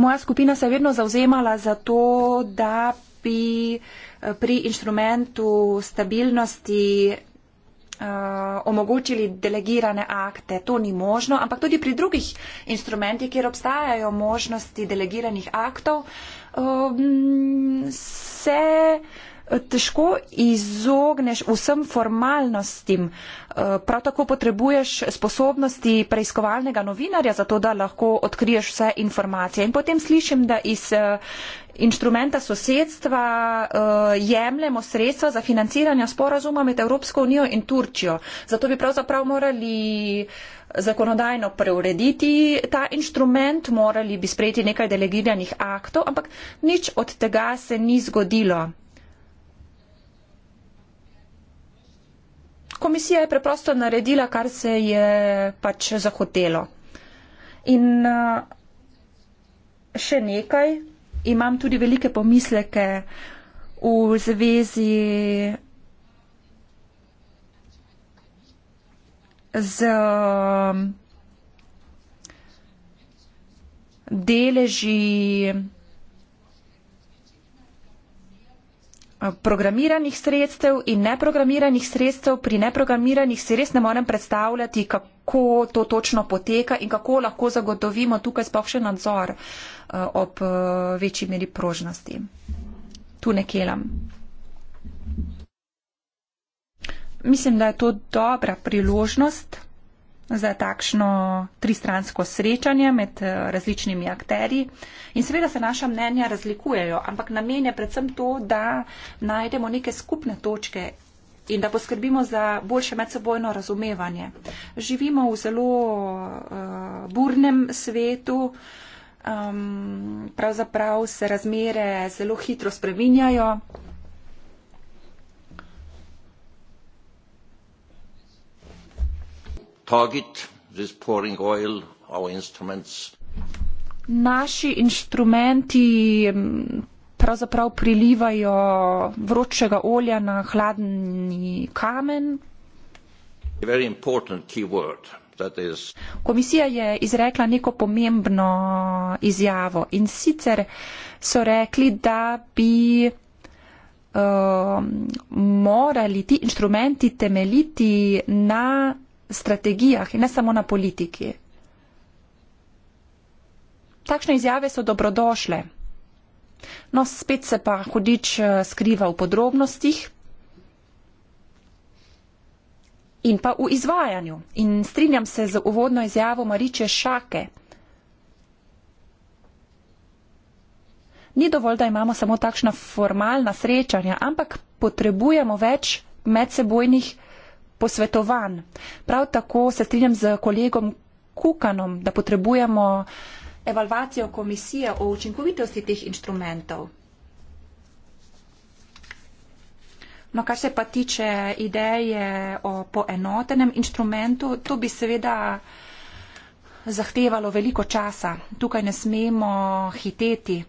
Moja skupina se je vedno zauzemala za to, da bi eh, pri inštrumentu stabilnosti uh, omogočili delegirane akte. To ni možno, ampak tudi pri drugih inštrumentih, kjer obstajajo možnosti delegiranih aktov, um, se težko izogneš vsem formalnostim. Eh, prav tako potrebuješ sposobnosti preiskovalnega novinarja, zato da lahko odkriješ vse informacije. In potem slišim, da iz eh, inštrumenta sosedstva eh, jemljemo sredstva za financiranje sporazuma med Evropsko unijo in Turčijo. Zato bi pravzaprav morali zakonodajno preurediti ta inštrument, morali bi sprejeti nekaj delegiranih aktov, ampak nič od tega se ni zgodilo. komisija je preprosto naredila, kar se je pač zahotelo. In eh, še nekaj, imam tudi velike pomisleke v zvezi z eh, deleži programiranih sredstev in neprogramiranih sredstev. Pri neprogramiranih si res ne morem predstavljati, kako to točno poteka in kako lahko zagotovimo tukaj sploh še nadzor eh, ob eh, večji meri prožnosti. Tu ne kelam. Mislim, da je to dobra priložnost za takšno tristransko srečanje med eh, različnimi akteri. In seveda se naša mnenja razlikujejo, ampak namen je predvsem to, da najdemo neke skupne točke in da poskrbimo za boljše medsebojno razumevanje. Živimo v zelo uh, burnem svetu, um, pravzaprav se razmere zelo hitro spreminjajo. target this pouring oil our instruments naši instrumenti mm, pravzaprav prilivajo vročega olja na hladni kamen. Komisija je izrekla neko pomembno izjavo in sicer so rekli, da bi uh, morali ti instrumenti temeljiti na strategijah in ne samo na politiki. Takšne izjave so dobrodošle. No, spet se pa hudič eh, skriva v podrobnostih. In pa v izvajanju. In strinjam se z uvodno izjavo Mariče Šake. Ni dovolj, da imamo samo takšna formalna srečanja, ampak potrebujemo več medsebojnih posvetovanj. Prav tako se strinjam z kolegom Kukanom, da potrebujemo evalvacijo komisije o učinkovitosti teh inštrumentov. No, kar se pa tiče ideje o poenotenem inštrumentu, to bi seveda zahtevalo veliko časa. Tukaj ne smemo hiteti.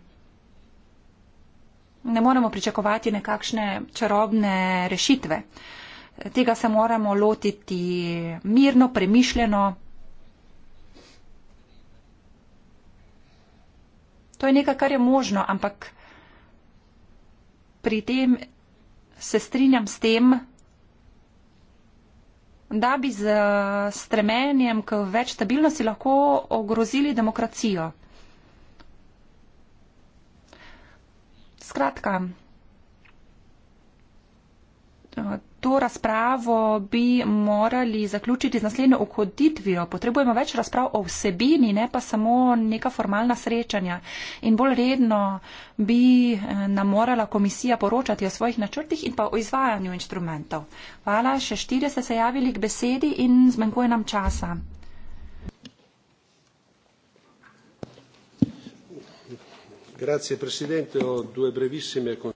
Ne moremo pričakovati nekakšne čarobne rešitve. Uh, tega se moramo lotiti mirno, premišljeno. To je nekaj, kar je možno, ampak pri tem se strinjam s tem, da bi z stremenjem k več stabilnosti lahko ogrozili demokracijo. Skratka, to razpravo bi morali zaključiti z naslednjo okoditvijo. Potrebujemo več razprav o vsebini, ne pa samo neka formalna srečanja. In bolj redno bi eh, nam morala komisija poročati o svojih načrtih in pa o izvajanju inštrumentov. Hvala, še štiri ste se javili k besedi in zmanjkuje nam časa.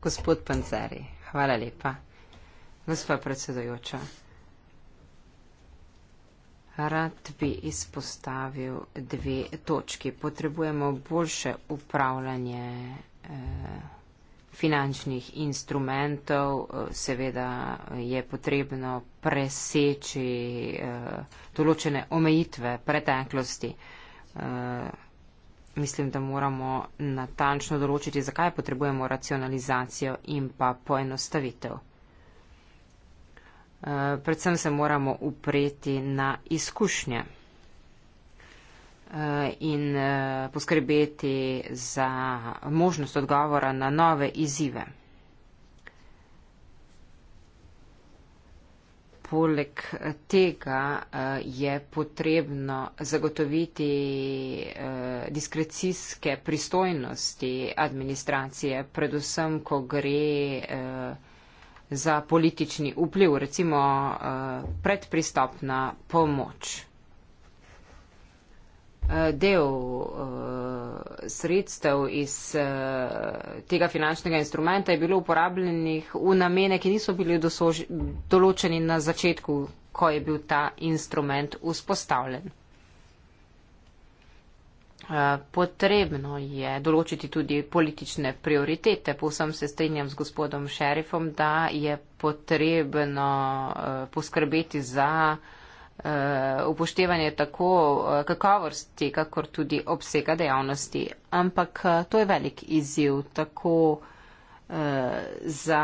Gospod Panceri, hvala lepa gospa predsedojoča. Rad bi izpostavil dve točki. Potrebujemo boljše upravljanje eh, finančnih instrumentov. Eh, seveda je potrebno preseči eh, določene omejitve preteklosti. Mislim, da moramo natančno določiti, zakaj potrebujemo racionalizacijo in pa poenostavitev. Eh, predvsem se moramo upreti na izkušnje eh, in eh, poskrbeti za možnost odgovora na nove izzive. Poleg tega je potrebno zagotoviti diskrecijske pristojnosti administracije, predvsem, ko gre za politični vpliv, recimo eh, predpristopna pomoč. Eh, del eh, sredstev iz tega finančnega instrumenta je bilo uporabljenih v namene, ki niso bili določeni na začetku, ko je bil ta instrument vzpostavljen. Eh, potrebno je določiti tudi politične prioritete. Povsem se strinjam z gospodom šerifom, da je potrebno eh, poskrbeti za eh, upoštevanje tako kakovosti, kakor tudi obsega dejavnosti. Ampak to je velik izziv, tako za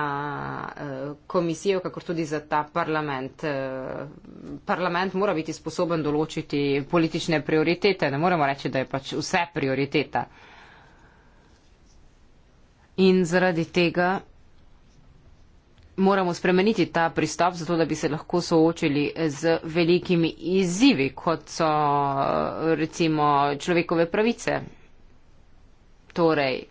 eh, komisijo, kakor tudi za ta parlament. Eh, parlament mora biti sposoben določiti politične prioritete, ne moremo reči, da je pač vse prioriteta. In zaradi tega moramo spremeniti ta pristop, zato da bi se lahko soočili z velikimi izzivi, kot so eh, recimo človekove pravice. Torej,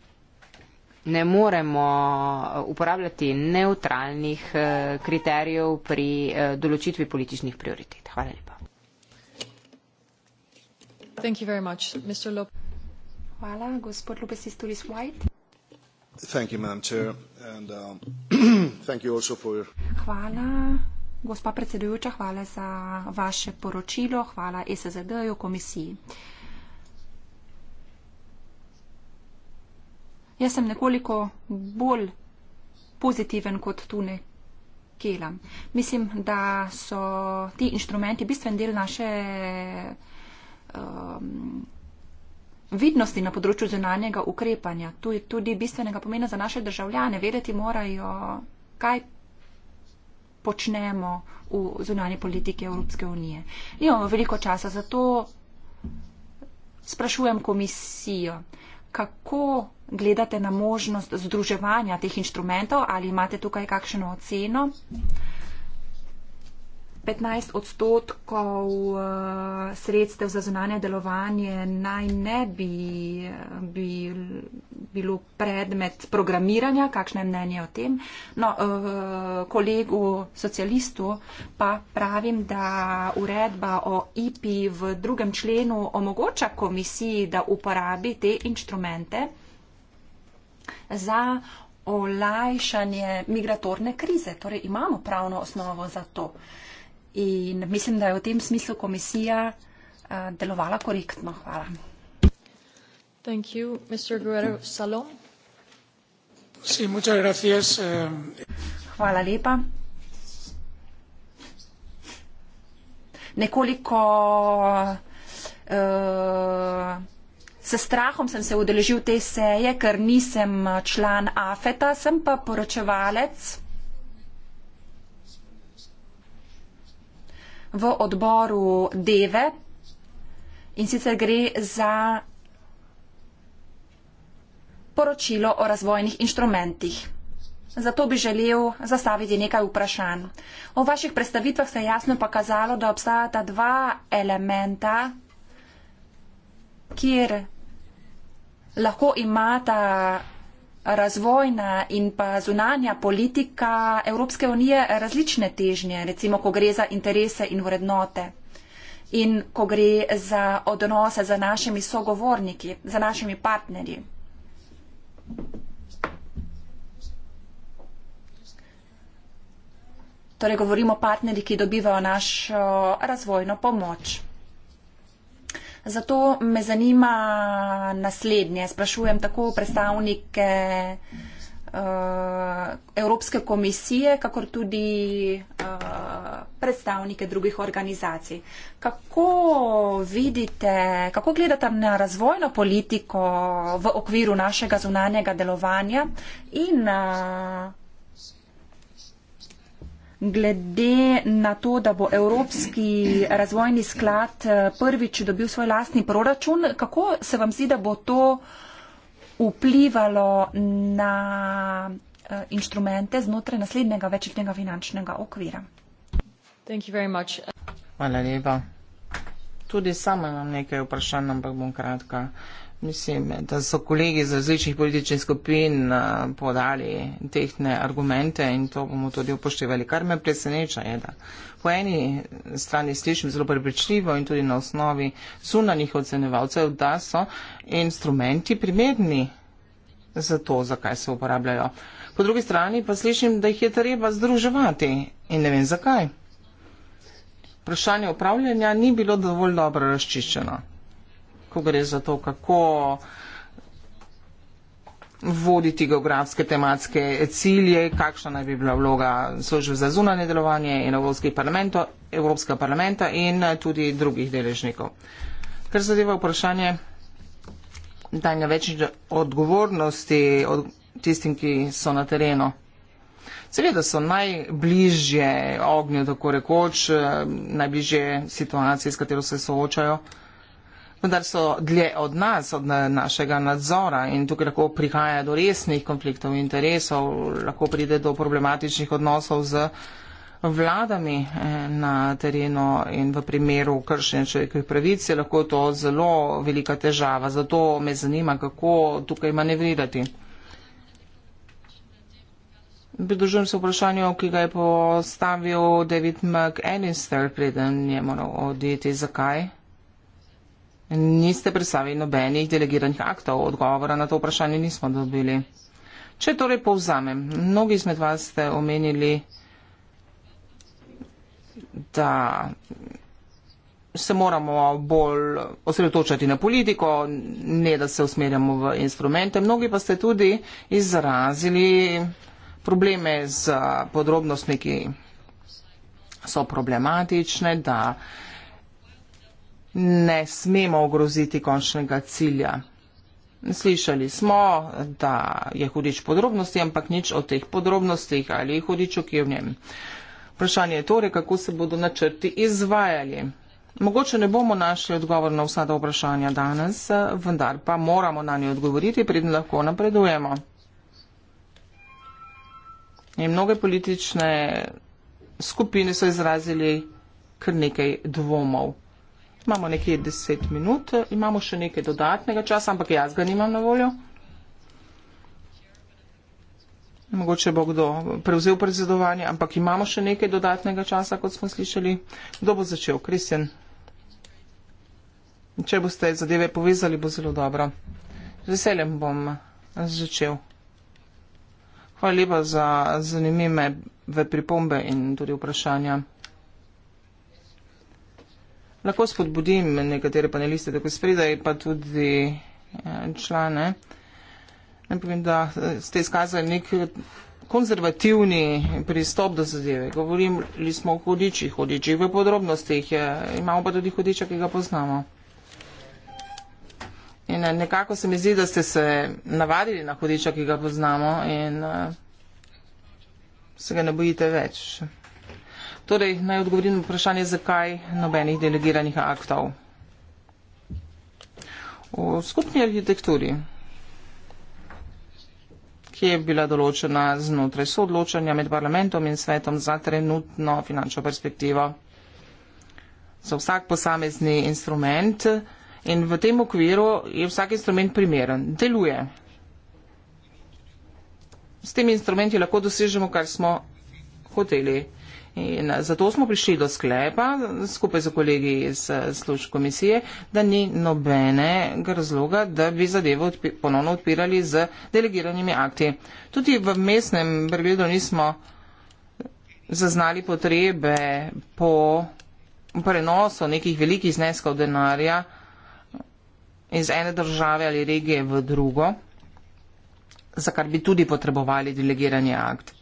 ne moremo eh, uporabljati neutralnih eh, kriterijev pri eh, določitvi političnih prioritet. Hvala lepa. Hvala, gospod Lopez iz Turis White. Thank you, Chair, and, uh, thank you also for... Hvala, gospa predsedujoča, hvala za vaše poročilo, hvala ESZD-ju, komisiji. Uh, Jaz sem nekoliko bolj pozitiven kot tune kela. Mislim, da so ti inštrumenti bistven del naše um, vidnosti na področju zunanjega ukrepanja. To je tudi bistvenega pomena za naše državljane. Vedeti morajo, kaj počnemo v zunanji politiki Evropske unije. Nimamo veliko časa, zato sprašujem komisijo, kako gledate na možnost združevanja teh inštrumentov ali imate tukaj kakšno oceno? 15 odstotkov eh, sredstev za zunanje delovanje naj ne bi eh, bil, bilo predmet programiranja, kakšne mnenje o tem. No, eh, kolegu socialistu pa pravim, da uredba o IPI v drugem členu omogoča komisiji, da uporabi te inštrumente za olajšanje migratorne krize. Torej imamo pravno osnovo za to. In mislim, da je v tem smislu komisija delovala korektno. Hvala. Thank you, Mr. Guerrero Salom. Sí, muchas gracias. Eh. Hvala lepa. Nekoliko uh, Se strahom sem se udeležil te seje, ker nisem eh, član AFETA, sem pa poročevalec v odboru DEVE in sicer gre za poročilo o razvojnih inštrumentih. Zato bi želel zastaviti nekaj vprašanj. V vaših predstavitvah se je jasno pokazalo, da obstajata dva elementa, kjer lahko imata razvojna in pa zunanja politika Evropske unije različne težnje, recimo, ko gre za interese in vrednote in ko gre za odnose za našimi sogovorniki, za našimi partnerji. Torej govorimo o partnerji, ki dobivajo našo razvojno pomoč. Zato me zanima naslednje. Sprašujem tako predstavnike uh, Evropske komisije, kakor tudi uh, predstavnike drugih organizacij. Kako vidite, kako gledate na razvojno politiko v okviru našega zunanjega delovanja in uh, glede na to, da bo Evropski razvojni sklad eh, prvič dobil svoj lastni proračun, kako se vam zdi, da bo to vplivalo na eh, inštrumente znotraj naslednjega večletnega finančnega okvira? Hvala lepa. Tudi sama imam nekaj vprašanj, ampak bom kratka. Mislim, da so kolegi iz različnih političnih skupin eh, podali tehne argumente in to bomo tudi upoštevali. Kar me preseneča je, da po eni strani slišim zelo prepričljivo in tudi na osnovi sunanih ocenevalcev, da so instrumenti primerni za to, zakaj se uporabljajo. Po drugi strani pa slišim, da jih je treba združevati in ne vem zakaj. Vprašanje upravljanja ni bilo dovolj dobro razčiščeno ko gre za to, kako voditi geografske tematske cilje, kakšna naj bi bila vloga službe za zunanje delovanje in Evropskega parlamenta in tudi drugih deležnikov. Kar zadeva vprašanje danja večji odgovornosti od tistim, ki so na terenu. Seveda so najbližje ognjo, tako rekoč, eh, najbližje situacije, s katero se soočajo vendar so dlje od nas, od našega nadzora in tukaj lahko prihaja do resnih konfliktov interesov, lahko pride do problematičnih odnosov z vladami eh, na terenu in v primeru kršenja človekovih pravic je lahko to zelo velika težava. Zato me zanima, kako tukaj manevrirati. Pridružujem se vprašanju, ki ga je postavil David McAllister, preden je moral oditi. Zakaj? Niste predstavili nobenih delegiranih aktov, odgovora na to vprašanje nismo dobili. Če torej povzamem, mnogi izmed vas ste omenili, da se moramo bolj osredotočati na politiko, ne da se usmerjamo v instrumente. Mnogi pa ste tudi izrazili probleme z podrobnostmi, ki so problematične, da ne smemo ogroziti končnega cilja. Slišali smo, da je hudič podrobnosti, ampak nič o teh podrobnostih ali hudiču, ki je v njem. Vprašanje je torej, kako se bodo načrti izvajali. Mogoče ne bomo našli odgovor na vsa ta vprašanja danes, vendar pa moramo na nje odgovoriti, preden lahko napredujemo. In mnoge politične skupine so izrazili kar nekaj dvomov. Imamo nekje 10 minut, imamo še nekaj dodatnega časa, ampak jaz ga nimam na voljo. Mogoče bo kdo prevzel predsedovanje, ampak imamo še nekaj dodatnega časa, kot smo slišali. Kdo bo začel? Kristjan. Če boste zadeve povezali, bo zelo dobro. Z veseljem bom začel. Hvala lepa za zanimive pripombe in tudi vprašanja lahko spodbudim nekatere paneliste, tako spredaj, pa tudi eh, člane. Ne povem, da eh, ste izkazali nek konzervativni pristop do zadeve. Govorili smo o hodičih, hodičih v podrobnostih, imamo pa tudi hodiča, ki ga poznamo. In eh, nekako se mi zdi, da ste se navadili na hodiča, ki ga poznamo in uh, se ga ne bojite več. Torej, naj odgovorim na vprašanje, zakaj nobenih delegiranih aktov. V skupni arhitekturi, ki je bila določena znotraj soodločanja med parlamentom in svetom za trenutno finančno perspektivo, za vsak posamezni instrument in v tem okviru je vsak instrument primeren, deluje. S tem instrumenti lahko dosežemo, kar smo hoteli. In eh, zato smo prišli do sklepa, skupaj z kolegi iz eh, služb komisije, da ni nobenega razloga, da bi zadevo odpi ponovno odpirali z delegiranimi akti. Tudi v mestnem pregledu nismo zaznali potrebe po prenosu nekih velikih zneskov denarja iz ene države ali regije v drugo, za kar bi tudi potrebovali delegirani akt.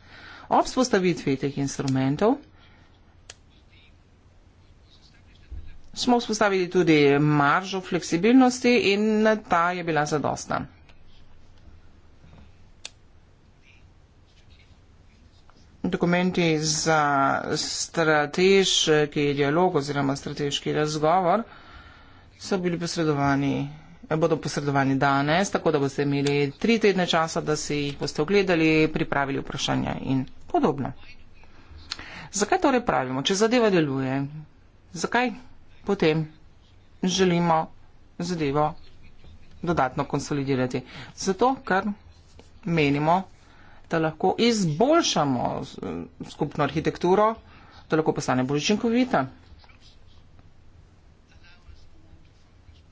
Ob spostavitvi teh instrumentov smo vzpostavili tudi maržo fleksibilnosti in ta je bila zadostna. Dokumenti za strateški dialog oziroma strateški razgovor so bili posredovani bodo posredovani danes, tako da boste imeli tri tedne časa, da si jih boste ogledali, pripravili vprašanja in podobno. Zakaj torej pravimo, če zadeva deluje? Zakaj potem želimo zadevo dodatno konsolidirati. Zato, ker menimo, da lahko izboljšamo eh, skupno arhitekturo, da lahko postane bolj učinkovita.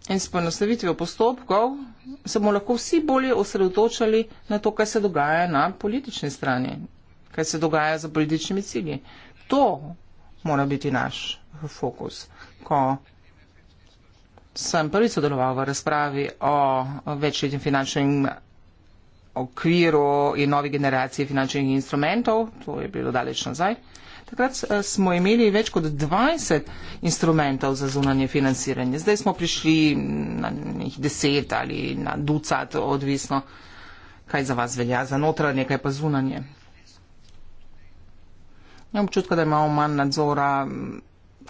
In s ponostavitvijo postopkov se bomo lahko vsi bolje osredotočali na to, kaj se dogaja na politični strani, kaj se dogaja za političnimi cilji. To mora biti naš fokus ko sem prvi sodeloval v razpravi o večletnem finančnem okviru in novi generaciji finančnih instrumentov, to je bilo daleč nazaj, takrat smo imeli več kot 20 instrumentov za zunanje financiranje. Zdaj smo prišli na njih deset ali na ducat, odvisno, kaj za vas velja, za notranje, kaj pa zunanje. Imam občutka, da imamo manj nadzora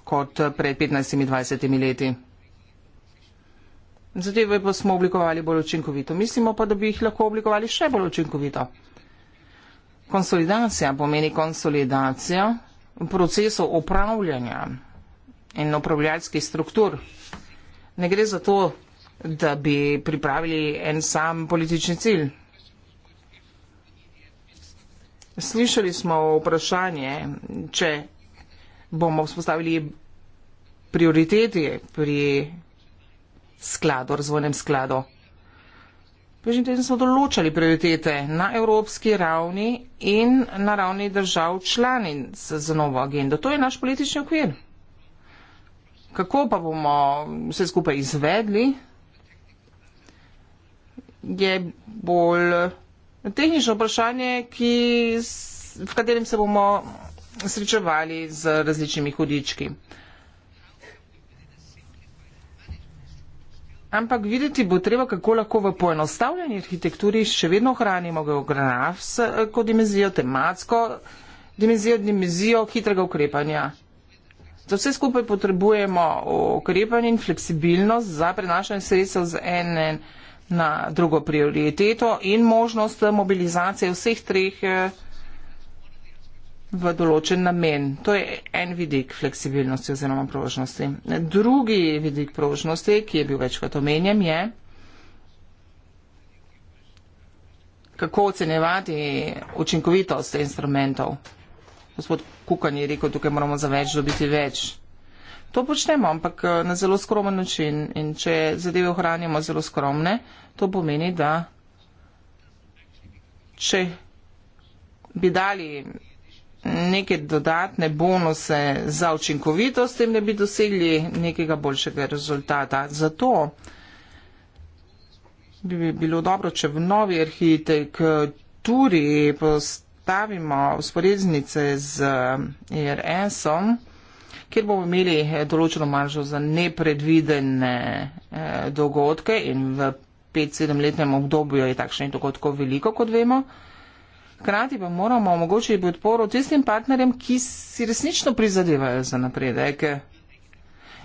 kot pred 15-20 leti. Zadeve pa smo oblikovali bolj učinkovito. Mislimo pa, da bi jih lahko oblikovali še bolj učinkovito. Konsolidacija pomeni konsolidacijo procesov upravljanja in upravljalskih struktur. Ne gre za to, da bi pripravili en sam politični cilj. Slišali smo vprašanje, če bomo vzpostavili prioriteti pri skladu, razvojnem skladu. Prejšnji teden smo določali prioritete na evropski ravni in na ravni držav članic za novo agendo. To je naš politični okvir. Kako pa bomo vse skupaj izvedli, je bolj tehnično vprašanje, ki, v katerem se bomo srečevali z različnimi hudički. Ampak videti bo treba, kako lahko v poenostavljeni arhitekturi še vedno ohranimo geografsko eh, dimenzijo, tematsko dimenzijo, dimenzijo hitrega ukrepanja. Za vse skupaj potrebujemo ukrepanje in fleksibilnost za prenašanje sredstev z ene na drugo prioriteto in možnost mobilizacije vseh treh. Eh, v določen namen. To je en vidik fleksibilnosti oziroma prožnosti. Drugi vidik prožnosti, ki je bil večkrat omenjen, je, kako ocenjevati učinkovitost instrumentov. Gospod Kukan je rekel, tukaj moramo za več dobiti več. To počnemo, ampak eh, na zelo skromen način. In če zadeve ohranjamo zelo skromne, to pomeni, da če bi dali neke dodatne bonuse za učinkovitost in da bi dosegli nekega boljšega rezultata. Zato bi bilo dobro, če v novi arhitekturi postavimo usporednice z IRS-om, e kjer bomo imeli eh, določeno maržo za nepredvidene eh, dogodke in v 5-7 letnem obdobju je takšnih dogodkov veliko, kot vemo hkrati pa moramo omogočiti podporo tistim partnerjem, ki si resnično prizadevajo za napredek.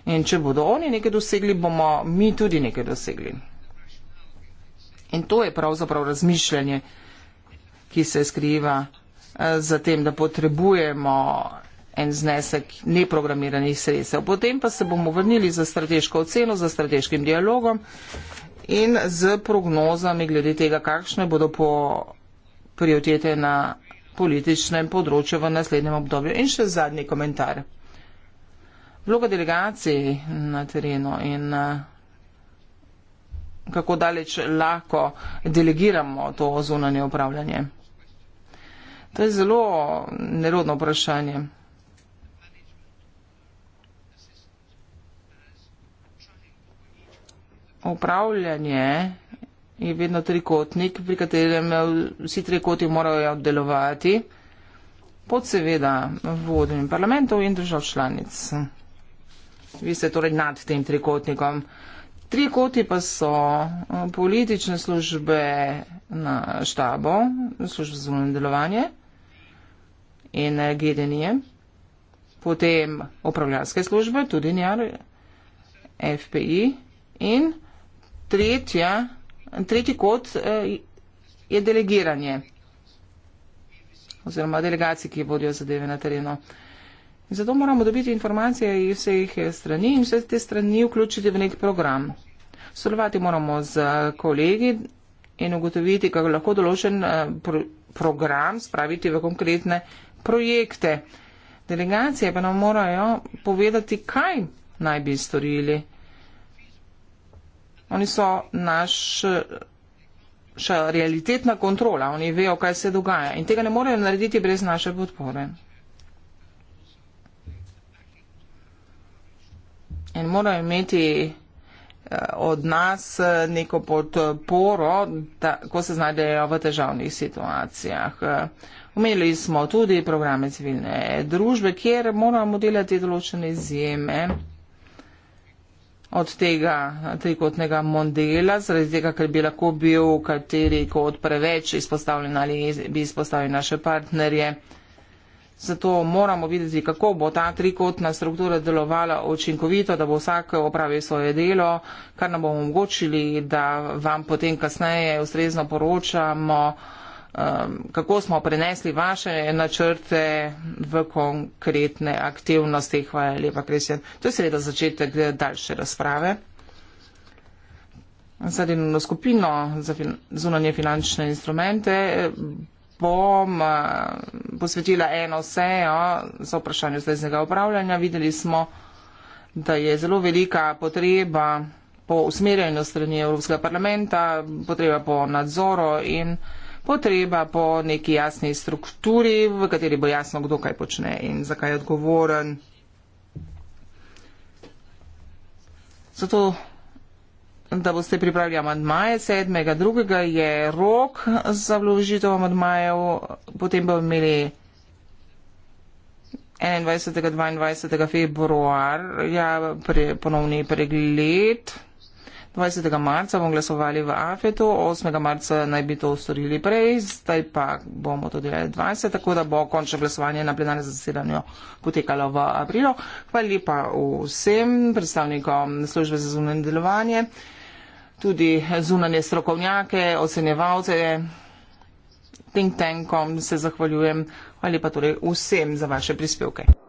In če bodo oni nekaj dosegli, bomo mi tudi nekaj dosegli. In to je pravzaprav razmišljanje, ki se skriva eh, za tem, da potrebujemo en znesek neprogramiranih sredstev. Potem pa se bomo vrnili za strateško oceno, za strateškim dialogom in z prognozami glede tega, kakšne bodo po prioritete na političnem področju v naslednjem obdobju. In še zadnji komentar. Vloga delegacij na terenu in eh, kako daleč lahko delegiramo to zunanje upravljanje. To je zelo nerodno vprašanje. Upravljanje je vedno trikotnik, pri katerem vsi trikoti morajo delovati pod seveda vodnim parlamentov in držav članic. Vi ste torej nad tem trikotnikom. Trikoti pa so eh, politične službe na štabo, službe za zunanje delovanje in eh, gedenije, potem upravljalske službe, tudi njar, FPI in tretja Tretji kot eh, je delegiranje oziroma delegacij, ki vodijo zadeve na terenu. In zato moramo dobiti informacije iz vseh eh, strani in vse te strani vključiti v nek program. Sodelovati moramo z kolegi in ugotoviti, kako lahko določen eh, pro program spraviti v konkretne projekte. Delegacije pa nam morajo povedati, kaj naj bi storili. Oni so naša realitetna kontrola, oni vejo, kaj se dogaja in tega ne morejo narediti brez naše podpore. In morajo imeti eh, od nas eh, neko podporo, da, ko se znajdejo v težavnih situacijah. Umeli eh, smo tudi programe civilne družbe, kjer moramo delati določene izjeme od tega trikotnega modela, zaradi tega, ker bi lahko bil kateri kot preveč izpostavljen ali bi izpostavili naše partnerje. Zato moramo videti, kako bo ta trikotna struktura delovala učinkovito, da bo vsak opravil svoje delo, kar nam bomo omogočili, da vam potem kasneje ustrezno poročamo um, kako smo prenesli vaše načrte v konkretne aktivnosti. Hvala lepa, Kristjan. To je seveda začetek daljše razprave. Zadnjo skupino za fin zunanje finančne instrumente bom uh, posvetila eno sejo za vprašanje zleznega upravljanja. Videli smo, da je zelo velika potreba po usmerjanju strani Evropskega parlamenta, potreba po nadzoru in uh, potreba po neki jasni strukturi, v kateri bo jasno, kdo kaj počne in zakaj je odgovoren. Zato, da boste pripravili amadmaje 7. 2. je rok za vložitev amadmajev, potem bomo imeli 21. 22. februarja pre, ponovni pregled. 20. marca bomo glasovali v Afetu, 8. marca naj bi to ustorili prej, zdaj pa bomo to delali 20, tako da bo končno glasovanje na plenarnem zasedanju potekalo v aprilu. Hvala lepa vsem predstavnikom službe za zunanje delovanje, tudi zunanje strokovnjake, ocenjevalce, think tankom se zahvaljujem. Hvala lepa torej vsem za vaše prispevke.